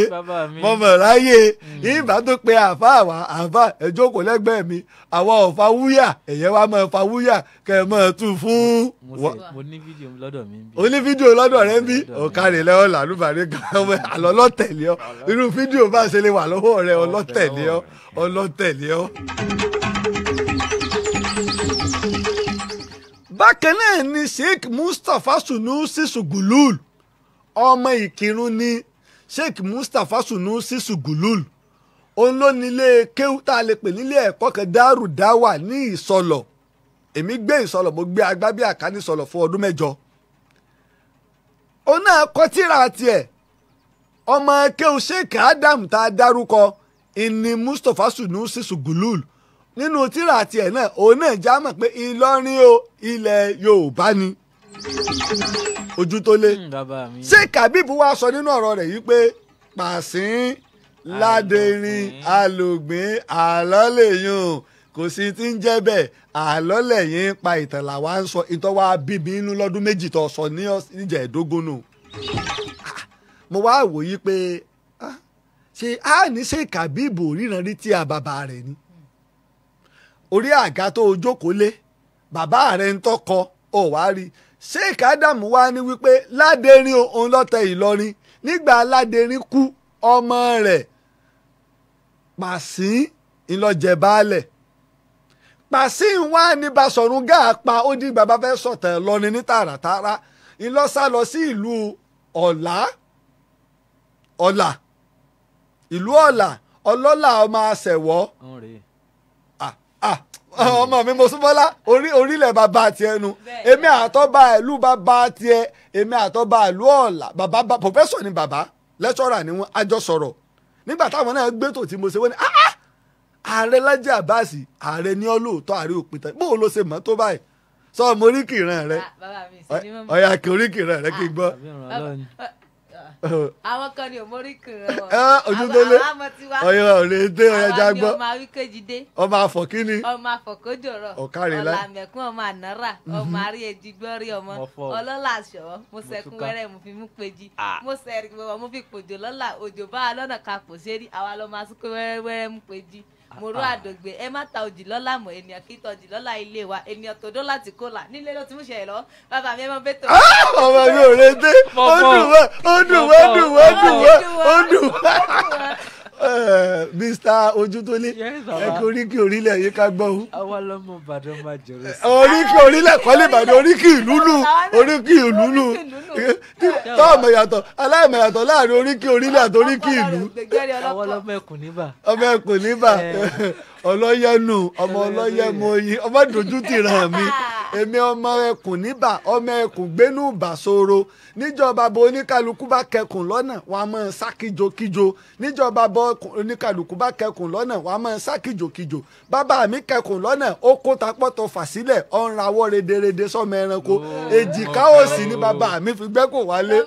mọ̀mọ̀ ráyè ìbá tó pe àfa àwa àfa ẹjọ́ kò lẹ́gbẹ̀ẹ́ mi àwa ò fa wúyà ẹ̀yẹ́ wa máa fa wúyà kẹ́ ẹ máa tún fún. mo ní fídíò lọ́dọ̀ mi bí. o ní fídíò lọ́dọ̀ rẹ bí ọ̀kadì lẹ́wọ̀n làlúbàdì kan àlọ́ ọ irú fídíò bá ṣe lè wà lọ́wọ́ rẹ ọlọ́tẹ̀lé ọ ọlọ́tẹ̀lé ọ bákan náà ni sheikh mustapha sunusi sugulul ọmọ ìkírun ni sheikh mustapha sunusi sugulul òun ló nílé kéwú tá a lè pè nílé ẹ̀kọ́ kan dárù dáwà ní ìsọlọ̀ èmi gbé ìsọlọ̀ mo gbé agbábíà ká ní ìsọlọ̀ fún ọdún mẹ́jọ òun náà kọ tírà tiẹ̀ ọmọ kéwú sheikh adam tá a dárúkọ ìní mustapha sunusi sugulul nínú tírà tiẹ̀ náà òun náà já mọ̀ pé Ìlọrin o ilẹ̀ Yorùbá ni ojú tó lé hmm, ṣé Kàbíbù wa sọ nínú ọ̀rọ̀ rẹ̀ yìí pé pàṣín ládẹrin alògbìn àlọ́lẹ̀yìn kò sí ti ń jẹ́ bẹ́ẹ̀ àlọ́lẹ̀yìn pa ìtàn làwa ń sọ ìtọ́ wa bíbí inú lọ́dún méjì tó sọ ní ìjẹ̀ẹ́dógún nù mo wá wòye pé ah, ṣé a ní ṣe Kàbíbù ríran rí tí a rẹ̀ ni. orí àga tó o jókòó lé bàbá rẹ ń tọkọ ọ̀ wá rí i sheik adam wá ní wípé ládẹrin òun lọ́tẹ̀ ìlọrin nígbà ládẹrin kú ọmọ rẹ̀ pàṣín ńlọjẹ baálẹ̀ pàṣín wá ní Basọ̀run Gáà pa ó dín bàbá fẹ́ sọ̀tẹ̀ lọ́ni ní tààràtàrà ńlọ́sà lọ sí ìlú ọ̀lá ọ̀là ìlú ọ̀là ọlọ́là ọmọ àṣẹ̀wọ́. Ah, ọmọ mi Mosúnbọ́lá orílẹ̀ bàbá tiẹ̀ nu èmi àtọ́ba ìlú bàbá tiẹ̀ èmi àtọ́ba ìlú ọ̀la bàbá pòfẹ́sọ̀ ni bàbá lẹ́tọ́rà ni wọ́n àjọ sọ̀rọ̀ nígbà táwọn náà gbé tòtí mo ṣe wọ́n ah, ah, ni ààrẹ Lájì Àbáàsì ààrẹ ní ọlọ́ọ̀tọ́ ààrẹ òpin tán bóun ló ṣe mọ́ tó báyìí sọ ọmọ oríkìrán rẹ ọyà kí oríkìrán rẹ kí n gbọ́. àwọn kan ni ò mórí kan wọn. ojú tó lé ọyọ ọ̀rẹ́ dé ọyọ ajá gbọ́. ọmọ awíkejì dé. ọmọ afọ kíni. ọmọ afọ kójòrò. ọ̀kárẹ̀ la. ọ̀làmẹ̀kún ọmọ ànárà ọmọ mhm. àrí ejì gbọ́rí ọmọ ọlọ́lá aṣọ mo sẹ́kún wẹ́rẹ́ mo fi mú péjì mo sẹ́rí mo fi pòjò lọ́lá òjò bá a lọ́nà ká pò sérí àwa lọ́ máa sún wẹ́rẹ́ wẹ́rẹ́ mú péjì mòró ah. àdògbè ẹ má ta òjìlọ́lá mọ̀ ènìyàn kì í tọ́ òjìlọ́lá ilé wa ènìyàn tòdó láti kólà nílé ló ti mú ṣẹlẹ̀ lọ bàbá mi ẹ mọ bẹ́tò. ọmọ mi ò retí ó dùn wá ó dùn wá ó dùn wá ó dùn wá ó dùn wá. Eh, Mr. Ojútólé ẹ kò oríkì orílẹ̀ yìí ká gbọ́ ohun. àwa lọmọ Ìbàdàn máa jọrọ sí. oríkì orílẹ̀ kọ́lé Ìbàdàn oríkì ìlú nù oríkì ìlú nù tọ́ọ̀mù yàtọ̀ aláìmọ̀ yàtọ̀ láàrin oríkì orílẹ̀ àti oríkì ìlú. ọmọ ẹkùn níbà. ọmọ ẹkùn níbà ọlọ́yẹ̀nù ọmọ ọlọ́yẹ̀mọ yìí ọmọ dójútì ràn mí èmi ọmọ ẹkùn níbà ọmọ ẹkùn gbénú bàṣọrọ níjọba bọ oníkàlùkù bá kẹkùn lọ́nà wàá mọ̀ sákìjokíjo níjọba bọ oníkàlùkù bá kẹkùn lọ́nà wàá mọ̀ sákìjokíjo bàbá mi kẹkùn lọ́nà ó kó tapọ́tò fà sílẹ̀ ọ̀nra wọ́ rederede sọmọ ẹranko èjìká òsì ni bàbá mi fi gbẹ́kùn wálé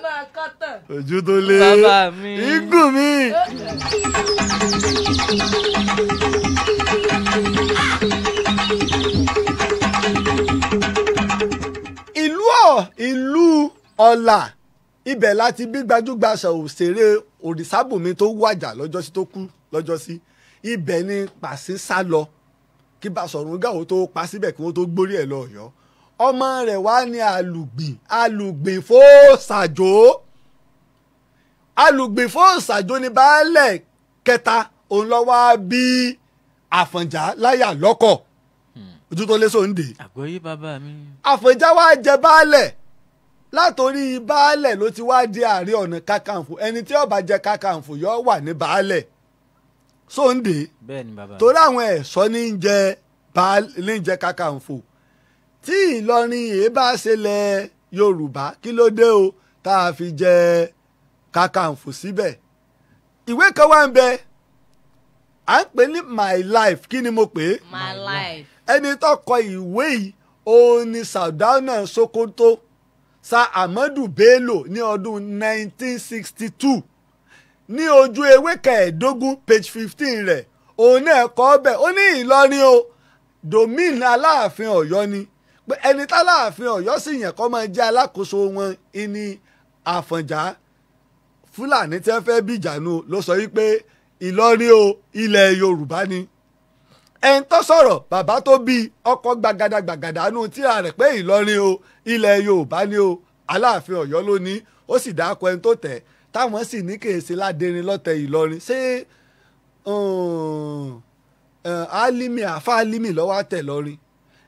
ojú tó lé igùn mi ìlú ọ̀ ìlú ọ̀la ibẹ̀ láti bí gbajúgbaṣà òṣèré òrìṣàbùnmi tó wàjà lọ́jọ́sí tó kú lọ́jọ́sí ibẹ̀ ni pàṣẹ sá lọ kí Basọ̀run Gáà ó tó pa síbẹ̀ kí wọ́n tó gbórí ẹ̀ lọ Ọ̀yọ́ ọmọ rẹ̀ wá ní alùgbìn alùgbìn fóòsàjò alùgbìn fóòsàjò ni baálẹ̀ kẹta òun lọ wá àfọ̀njá láyà lọ́kọ̀ ojú tó lé sóńdè. àgbọ̀yé bàbá mi. àfọ̀njá wa jẹ baálẹ̀ látòrí baálẹ̀ ló ti wá di ààrẹ ọ̀nà kàkàǹfò ẹni tí ó bá jẹ kàkàǹfò yóò wà ní baálẹ̀ sóńdè. bẹ́ẹ̀ ni bàbá. torí àwọn ẹ̀ṣọ́ ní ń jẹ ní ń jẹ kàkàǹfò tí Ìlọrin èé bá ṣẹlẹ̀ Yorùbá kí ló dé o tá a fi jẹ kàkàǹfò síbẹ̀ ìwé kan wá ń bẹ à ń pè ní my life kí ni mo pè é my life ẹni tó kọ ìwé yìí òun ni Sardauna Sokoto sa amadu Bello ní ọdún 1962 ní ojú ewé kẹẹ̀ẹ́dógún page 15 rẹ̀ òun náà kọ ọbẹ̀ ó ní Ìlọrin o domin Aláàfin Ọ̀yọ́ ni pé ẹni táláàfin Ọ̀yọ́ sì yàn kọ́ máa jẹ́ alákòóso wọn ìní Àfọ̀njá Fúlàní tẹ́ fẹ́ bíjànú ló sọ wípé ìlọrin o ilẹ̀ yorùbá ni ẹni tó sọ̀rọ̀ bàbá tó bí ọkọ̀ gbàgàdà gbàgàdà nù tíra rẹ̀ pé ìlọrin o ilẹ̀ yorùbá ni o aláàfin ọ̀yọ́ ló ní ó sì dáko ẹni tó tẹ̀ táwọn sì ní kèèṣe ládẹrin lọ́tẹ̀ ìlọrin ṣé eh, alimi àfa alimi lọ́wọ́ àtẹ̀ lọ́rin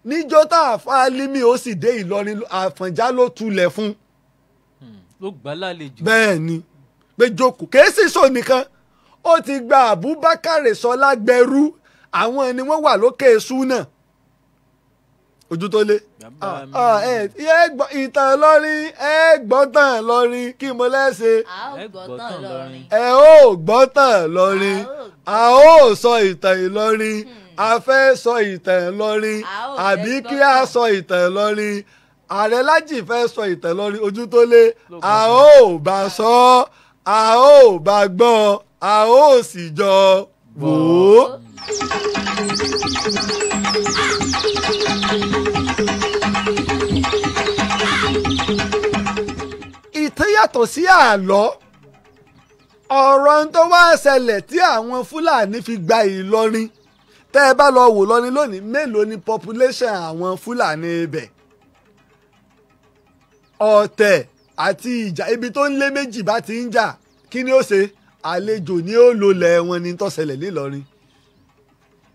níjọ́ tá àfa alimi ó sì dé ìlọrin àfọ̀njá ló tulẹ̀ fún. Hmm, ló gbà lálejò. bẹ́ẹ̀ ni pé jókòó kèé sọ nìkan ó ti gba Abubakar Sọlá gbẹrú àwọn ni wọ́n wà lókè súnà ojú tó lé ah, ah, ìtàn lọ́rin ẹ gbọ́tàn lọ́rin kí mo lẹ́sẹ̀ ẹ ó gbọ́tàn lọ́rin a ó sọ ìtàn Ìlọrin hmm. a fẹ́ sọ ìtàn Ìlọrin àbí kí a sọ ìtàn Ìlọrin ààrẹ Lájì fẹ́ sọ ìtàn Ìlọrin ojú tó lé a ó bá sọ a ó bá gbọ́ a ó sì jọ wò ó. ìtàn yàtọ̀ sí àlọ́ ọ̀rọ̀ tó wá ṣẹlẹ̀ tí àwọn fúlàní fi gba ìlọrin tẹ́ ẹ bá lọ wò lọ́rin lónìí mélòó ni population àwọn fúlàní ibẹ̀ ọ̀tẹ̀ àti ìjà ibi tó ń lé méjì bá ti ń jà kí ni ó ṣe àlejò ní ó lolẹ̀ wọn ni tó ṣẹlẹ̀ nílọrin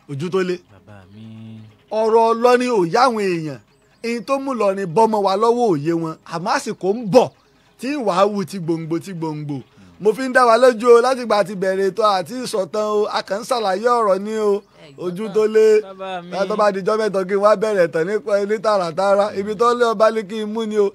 ojú tó lé ọ̀rọ̀ ọlọ́rin ò yáwọn èèyàn ẹni tó mú lọ́rin bọ́mọ wa lọ́wọ́ òye wọn àmọ́ àsìkò ń bọ̀ tí ìwà awu ti gbòǹgbò ti gbòǹgbò mo fi ń dá wa lójú o láti gbà ti bẹ̀rẹ̀ ètò àti ìsọ̀tàn o a kàn ń ṣàlàyé ọ̀rọ̀ ní o ojú tó lé tó bá di jọ́mẹ́tọ̀ kí n wá bẹ̀rẹ̀ tán ní tààràtààrà ibi tó lé ọba lé kí n mú ni o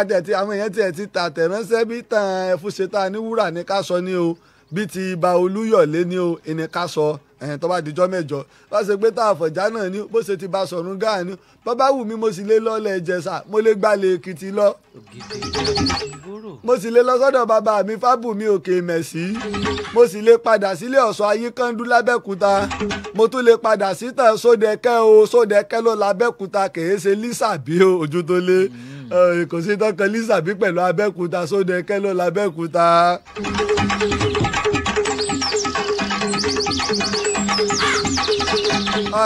àtẹ̀tí àwọn èèyàn tiẹ̀ ti tàtẹ̀ ránṣẹ́ bí tàn ẹ̀fúnṣe tá a ní wúrà ní ká sọ ni o bíi ti ibà olúyọ̀lé ní o ìníká sọ ẹ̀yìn tó bá dijọ́ mẹ́jọ wọ́n ṣe pé tá àfọ̀já náà ní bó ṣe ti bá sọ̀rún gáà ní bàbá wù mí mo sì lé lọ́lẹ̀ ìjẹ̀ṣà mo lè gbalẹ̀ èkìtì lọ. mo sì lè lọ sọ́dọ̀ bàbá mi fábùmí òkè mẹ̀sí mo sì lè padà sílé ọ̀ṣọ́ ayíkandú lábẹ́kúta mo tún lè padà síta sódẹ̀kẹ́ o sódẹ̀kẹ́ ló lábẹ́kúta kèé ṣe lísàbí ojú tó lé kò sí tọkàn lísàbí pẹ̀lú abẹ́kúta sódẹ̀kẹ́ ló lábẹ́kúta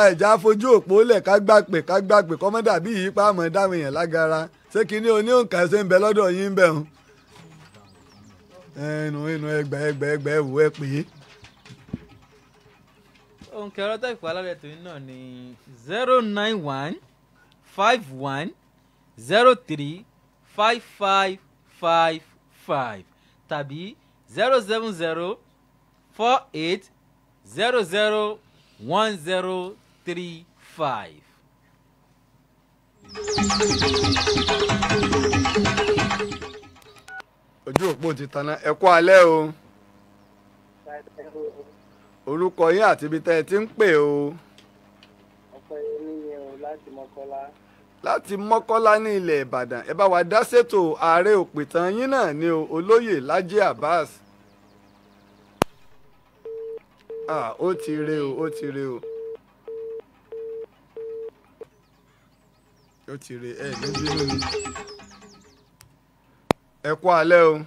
ẹ̀já fojú òpó lẹ̀ ká gbàgbé ká gbàgbé kọ́mọ́dà bí yìí pa àmọ́ dáwọn èèyàn lágara ṣé kinní oní òǹkà ṣe ń bẹ lọ́dọ̀ yín ń bẹ̀ hàn. ẹnu ẹnu ẹgbẹ́ ẹgbẹ́ ẹgbẹ́ ẹ̀wò ẹ pè é. ohun ìpò alárẹ tó ń nà ní zero nine one five one zero three five five five five tàbí zero seven zero four eight 001035. ojú òpó ti tanná ẹ kú alẹ́ o orúkọ yín àti ibi tẹ́ ẹ ti ń pè o. láti mọ́kọ́lá. ní ilẹ̀ ìbàdàn ẹ bá wa dá ṣètò ààrẹ òpìtàn yín náà ni olóyè ah o ti re o o ti re o O ti re ẹ ní ẹ o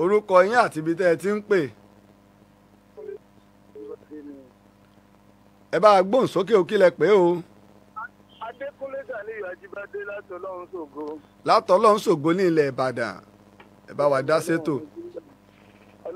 orúkọ yín àti ibi tẹ́ ẹ ti ń pè ẹ bá gbóhùn sókè o lẹ pé o. Adékúnlé Sàlíyù Ajíbádé látọlọ́run ṣògo. látọlọ́run ṣògo ní ilẹ̀ Ìbàdàn ẹ bá wa dá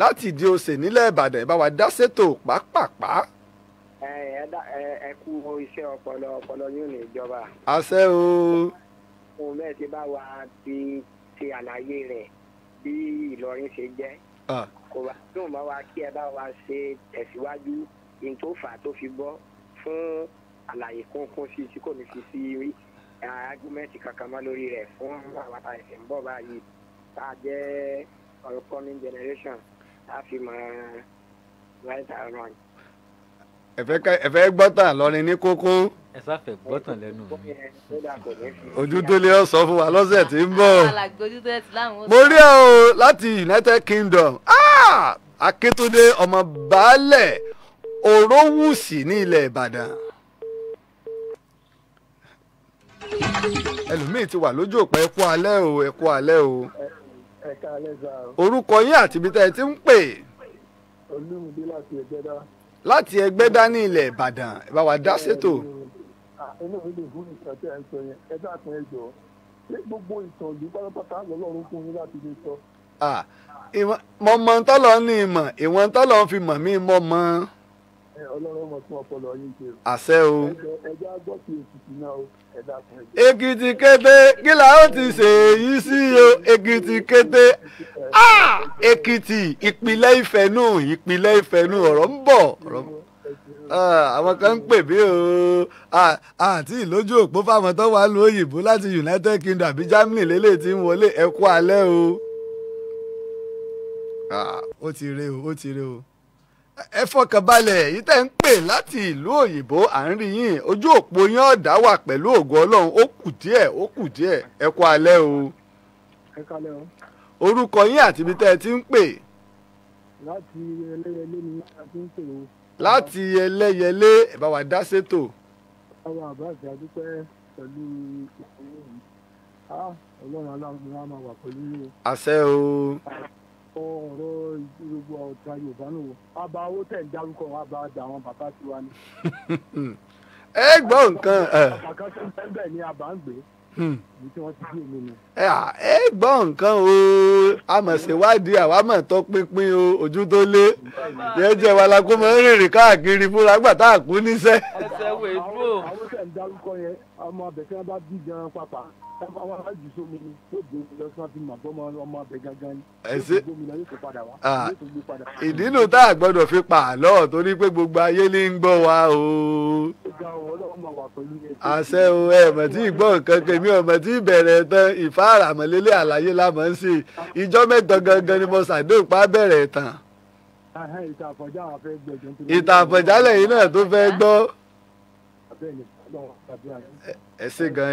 láti ìdí òsè nílẹ̀ ìbàdàn ìbá wa dá sétò pápápá. ẹ ẹ ẹ kú iṣẹ́ ọpọlọ ọpọlọ yóò ní ìjọba. àṣẹ o. ohun bẹ́ẹ̀ ti bá wa ti ti àlàyé rẹ̀ bí ìlọrin ṣe jẹ́. kò bá tóun bá wa kí ẹ bá wa ṣe tẹ̀síwájú ní tó fà tó fi bọ́ fún àlàyé kúnkún sí tí kò ní fi sí agúmẹ̀ntì kankan mọ́ lórí rẹ̀ fún àwọn àtàlẹ́sẹ̀ ń bọ̀ báyìí tá a jẹ́ upcoming generation láti mọ right and wrong. ẹ fẹ́ gbọ́tàn lọ́rin ní kókó. ẹ sáfẹ́ gbọ́tàn lẹ́nu mi. ojútólé sọ fún wa lọ́sẹ̀ tí ń bọ̀. mo rí ẹ o láti United Kingdom ah! Akíntúndé ọmọ baálẹ̀ Òróòwùsì ní ilẹ̀ Ìbàdàn. ẹlòmíì ti wà lójú òpó ẹ kú alẹ́ o ẹ kú alẹ́ o ẹ̀ka alẹ́sà o. orúkọ yín àti ibi tá ẹ ti ń pè. olúmídé láti ẹgbẹ́dá. láti ẹgbẹ́dá ní ilẹ̀ ìbàdàn ẹ bá wa dá sétò. inú mi lè fún ìtàn tí ẹ ń sọ yẹn ẹ dákun ẹ jọ ṣé gbogbo ìtàn ìlú pátápátá lọ́lọ́run fún yín láti lè sọ. mọ̀mọ́ tọ́lọ́ ní ìmọ̀ ìwọ̀n tọ́lọ́ fi mọ̀ mí mọ̀ mọ́ ọlọ́run mọ̀ fún ọpọlọ yín ṣe. àṣẹ o. ẹja gbọ́ sí èkìtì náà o ẹ̀dá kan. èkìtì kété kí la ó ti ṣe èyí sí o èkìtì kété ah! èkìtì ìpìlẹ̀ ìfẹ́ nù ìpìlẹ̀ ìfẹ́ nù ọ̀rọ̀ ń bọ̀ ah, àwọn kan ń pè mí o ah, àǹtí lójú òpó fáwọn tó wà lóò òyìnbó láti United Kingdom àbí Germany lélẹ̀ tí ń wọlé ẹ kú alẹ́ o. ó ti re o ó ti re o. ẹ fọkàn balẹ̀ èyí tẹ́ ń pè láti ìlú òyìnbó à ń rí yín ojú òpó yín ọ̀dà wà pẹ̀lú ògùn ọlọ́run ó kù díẹ̀ ó kù díẹ̀ ẹ alẹ́ o. orúkọ yín àti ibi ti ń pè. láti ẹlẹ́yẹlé ni a ọ̀rọ̀ gbogbo ọ̀tá yorùbá nù wọ àbá owó tẹ̀ ń dárúkọ àbá àdá àwọn bàbá tiwa ni. ẹ gbọ́ nǹkan. bàbá kan tó ń bẹ́ẹ̀ bẹ́ẹ̀ ni àbá ń gbé ẹ gbọ́ nǹkan o a mọ̀ ṣèwádìí àwa mọ̀ tó pínpín o ojú tó lé yẹn jẹ́ wa la kó mọ̀ rìnrìn káàkiri fúnra gbà tá a kú níṣẹ́. ẹsẹ̀ wo èdúró. àwọn tẹ̀ ń dárúkọ yẹn ọmọ ẹ máa wá láàjù sómi ni yóò gbé omi lọ sáfì mà bọ́ ọmọ abẹ gangan ni yóò gbé omi lọ yóò tó padà wá ah, yóò tó gbé padà. ìdínú tá a gbọ́dọ̀ fi pa àlọ́ torí pé gbogbo ayé ní ń gbọ́ wa o. àṣẹ o ẹ mọ̀ tí ì gbọ́ nǹkan kan èmi ọmọ tí ì bẹ̀rẹ̀ tán ìfá àràmọ̀lélẹ̀ àlàyé la mọ̀ ń ṣe ìjọ mẹ́jọ gangan ni mo ṣàdéhùn bẹ̀rẹ̀ tán. Ah, ah, ìtàfọ̀já lẹ́yìn fẹ́ gbọ́. ẹ ṣe gan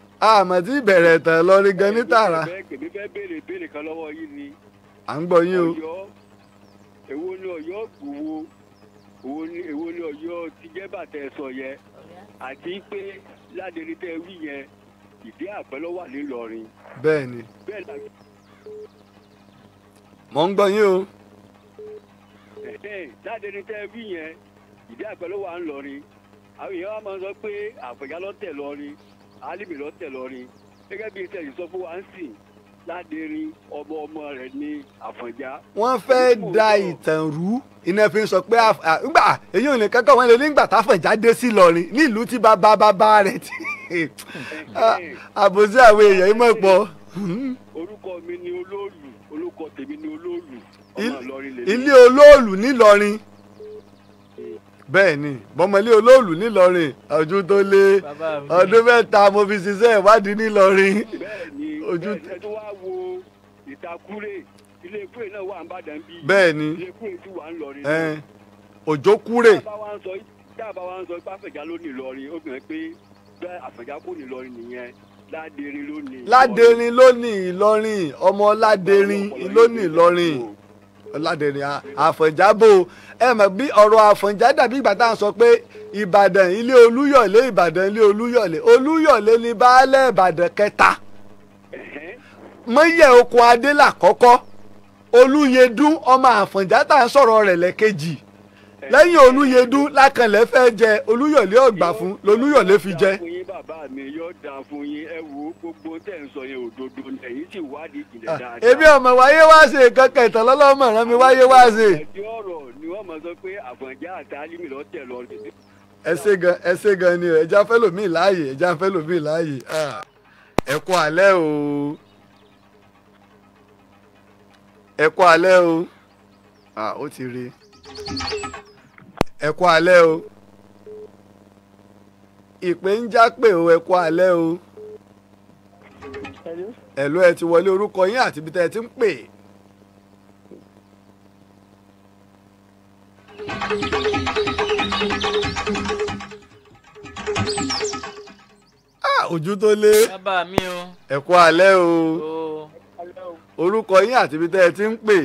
àmọ́ tí ìbẹ̀rẹ̀ tán lọ rí gan ní tààrà. èmi fẹ́ béèrè ìbéèrè kan lọ́wọ́ yín ni. à ń gbọ́ yín o. ọ̀yọ́ èwo ni ọ̀yọ́ gbòwo èwo ni ọ̀yọ́ ti jẹ́ bàtà ẹ̀sọ̀ yẹn àti pé ládèrè tẹ́ wí yẹn ìdí àpẹ́ ló wà nílọrin. bẹ́ẹ̀ ni. bẹ́ẹ̀ ni. mò ń gbọ́ yín o. ládèrè tẹ́ wí yẹn ìdí àpẹ́ wà nílọrin àwọn èèyàn wa máa ń sọ pé àpèjá ló lọrin alimi lọ́tẹ̀ lọ́rin gẹ́gẹ́ bí iṣẹ́ yìí sọ fún wa ń sìn ládẹrin ọmọ ọmọ rẹ̀ ní àfọ̀njá. wọ́n fẹ́ẹ́ da ìtàn rú iná fi ń sọ pé àgbà èyí ò ní kẹ́kọ̀ọ́ wọn lè nígbà táfọ̀njá dé sí Ìlọrin nílùú tí bàbá bàbá rẹ̀ ti àbòsí àwọn èèyàn yìí mọ̀ pọ̀. orúkọ mi ni olóòlù orúkọ tèmi ni olóòlù ọmọ Ìlọrin lèmi. ilé olóòlù nílọrin bẹ́ẹ̀ ni bọ́mọlé olóòlù nílọrin ọdún tó lé ọdún mẹ́ta mo fi ṣiṣẹ́ ìwádìí nílọrin. ojú tó wá wo ìtakúrè ilé kúrè náà wà ń bàdàn bí ilé kúrè tí wà ń lọrin. òjò kúrè. dábàá wa ń sọ ipá àfẹ̀já ló ní ìlọrin ó gbìyànjú pé bẹ́ẹ̀ àfẹ̀já kò ní ìlọrin nìyẹn ládẹrin ló ní. ládẹrin ló ní ìlọrin ọmọ ládẹrin ló ní ìlọrin ọ̀làdẹ̀rìn àfọ̀njábò ẹ mọ̀ bí ọ̀rọ̀ àfọ̀njá dàbí ìgbà tá à ń sọ pé ìbàdàn ilé olúyọ̀lé ìbàdàn ilé olúyọ̀lé olúyọ̀lé ni baálẹ̀ ìbàdàn kẹta mọ́yẹ̀ okùn adé làkọ́kọ́ olúyẹdùn ọmọ àfọ̀njá tá à ń sọ̀rọ̀ rẹ̀ lẹ́kejì lẹ́yìn olúyẹdú lákànlẹ̀ fẹ́ jẹ olúyọ̀lé ọ̀gbà fún lolúyọ̀lé fi jẹ. fún yín bàbá mi yóò dáa fún yín ẹ wo gbogbo tẹ̀ ń sọ yẹn òdodo lẹ́yìn tí wádìí ìjìnlẹ̀ ah, dáadáa. èmi ọmọ wáyé wá ṣe kankan ìtàn lọ́lọ́mọ rán mi wáyé wá ṣe. ẹjọ́ ọ̀rọ̀ ni wọ́n mọ̀ sọ pé àfọ̀njá àtàlímì lọ́tẹ̀ lọ ẹsẹ gan ẹsẹ gan ni ẹja fẹ lomi láàyè ẹja fẹ lomi láàyè ah, ẹ kú alẹ́ o ẹ kú alẹ́ o ah, ó ti rí i ẹ kú alẹ́ o ìpè ń já pè o ẹ kú alẹ́ o. ẹ̀lú ẹ ti wọlé orúkọ yín àti ibi tẹ́ ẹ ti ń pè. Ah, ojú tó lé ẹ kú alẹ́ o orúkọ yín àti ibi tẹ́ ẹ ti ń pè.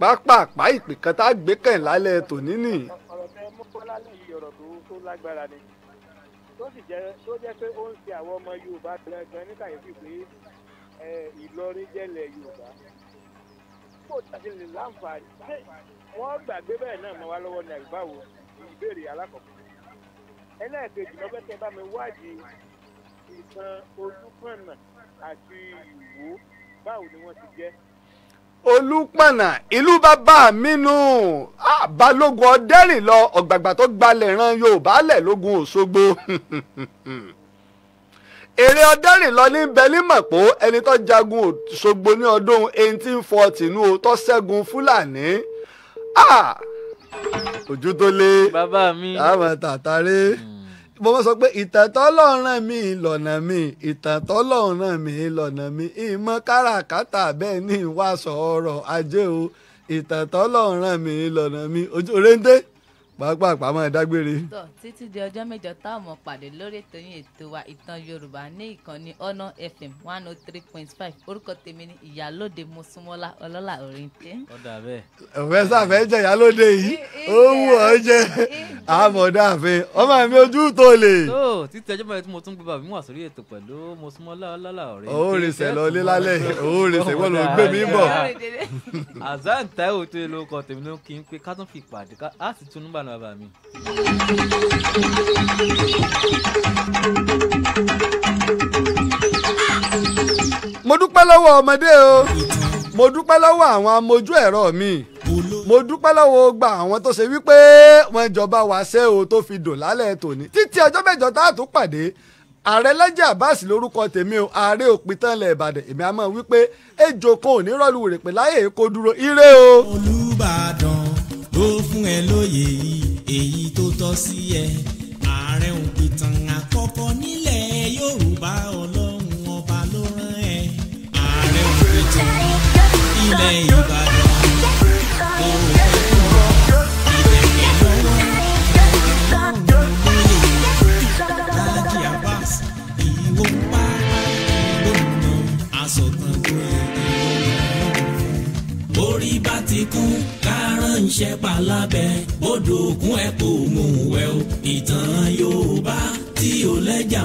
pápápá ìpè kan tá a gbé kàn lálẹ́ tòní nì. ọ̀rọ̀ tẹ mú fọlálẹ́ yìí ọ̀rọ̀ tó tó lágbára ni tó sì jẹ́ tó jẹ́ pé ó ń ṣe àwọn ọmọ Yorùbá gan ní kàyéfì pé Ìlọrin jẹ́lẹ̀ Yorùbá kò tàbí lè láǹfààní pé wọ́n gbàgbé bẹ́ẹ̀ náà mọ́ wá lọ́wọ́ ní àgbáwo ìbéèrè alákọ̀ọ́kọ́ ẹlẹ́ẹ̀kejì lọ́gbẹ́sẹ̀ bá mi wádìí ìtàn ojúkànnà àti ìwò báwo ni wọ́n ti jẹ́ olùpànà ìlú bàbá mi nù balógun ọdẹ́rìn lọ ọ̀gbàgbà tó gbalẹ̀ ran yorùbá lẹ̀ lógun òṣogbo èrè ọdẹ́rìn lọ ní bẹ́límọ̀pó ẹni tó jagun òṣogbo ní ọdún 1840 nù tó ṣẹ́gun fúlàní ojú tó lé bàbá mi àwọn tàtàrí. Mm mo máa sọ pé ìtàn t'Ọlọ́run mi lọ́nà mi ìtàn t'Ọlọ́run mi lọ́nà mi ìmọ̀ káràkátà bẹ́ẹ̀ ni ìwà sọ̀rọ̀ ajé o ìtàn t'Ọlọ́run mi lọ́nà mi ojú òrèǹdé pàápàá máa dágbére. tọ títí di ọjọ́ mẹ́jọ tá a mọ̀ pàdé lórí ètò yín ètò wa ìtàn yorùbá ní ìkànnì ọ̀nà fm one oh three point five orúkọ tèmi ni ìyálóde mosúnmọ́lá ọlọ́lá òrìǹté. ọ̀dà bẹ́ẹ̀. ọ̀fẹ́ sàfẹ́ jẹ ìyálóde yìí ó wù ọ́ jẹ àmọ̀dá àfẹ́ ọmọ mi ojú tó lè. títí ọjọ́ mẹ́jọ tí mo tún gbé bàbí mú àsórí ètò pẹ̀lú mosúnmọ́lá ọlọ́lá òrìǹté bàbá mi. mo dúpẹ́ lọ́wọ́ ọmọdé o mo dúpẹ́ lọ́wọ́ àwọn amójú ẹ̀rọ mi mo dúpẹ́ lọ́wọ́ gba àwọn tó ṣe wípé wọ́n jọba wá ṣe o tó fi dò lálẹ́ tòní títí ọjọ́ mẹ́jọ tá a tún pàdé ààrẹ Laji Abbas lórúkọ tèmi o ààrẹ òpin tán lẹ̀ Ìbàdàn èmi àmọ́ wípé ejò kan ò ní rọ́ọ̀lù rèpè láyè kó dúró ire o. Olúbàdàn tó fún ẹ lóye èyí tó tọ́ sí ẹ ààrẹ òpìtàn àkọ́kọ́ nílẹ̀ Yorùbá ọlọ́run ọba ló rán ẹ ààrẹ òpìtàn ilẹ̀ Ìbàdàn tó rẹ̀. sọ̀tàn fún ẹ borí bá ti kú kárán iṣẹ́ palábẹ́ bódò òkun ẹ̀ kò mú un wẹ̀ o ìtàn Yorùbá tí ò lẹ́jà.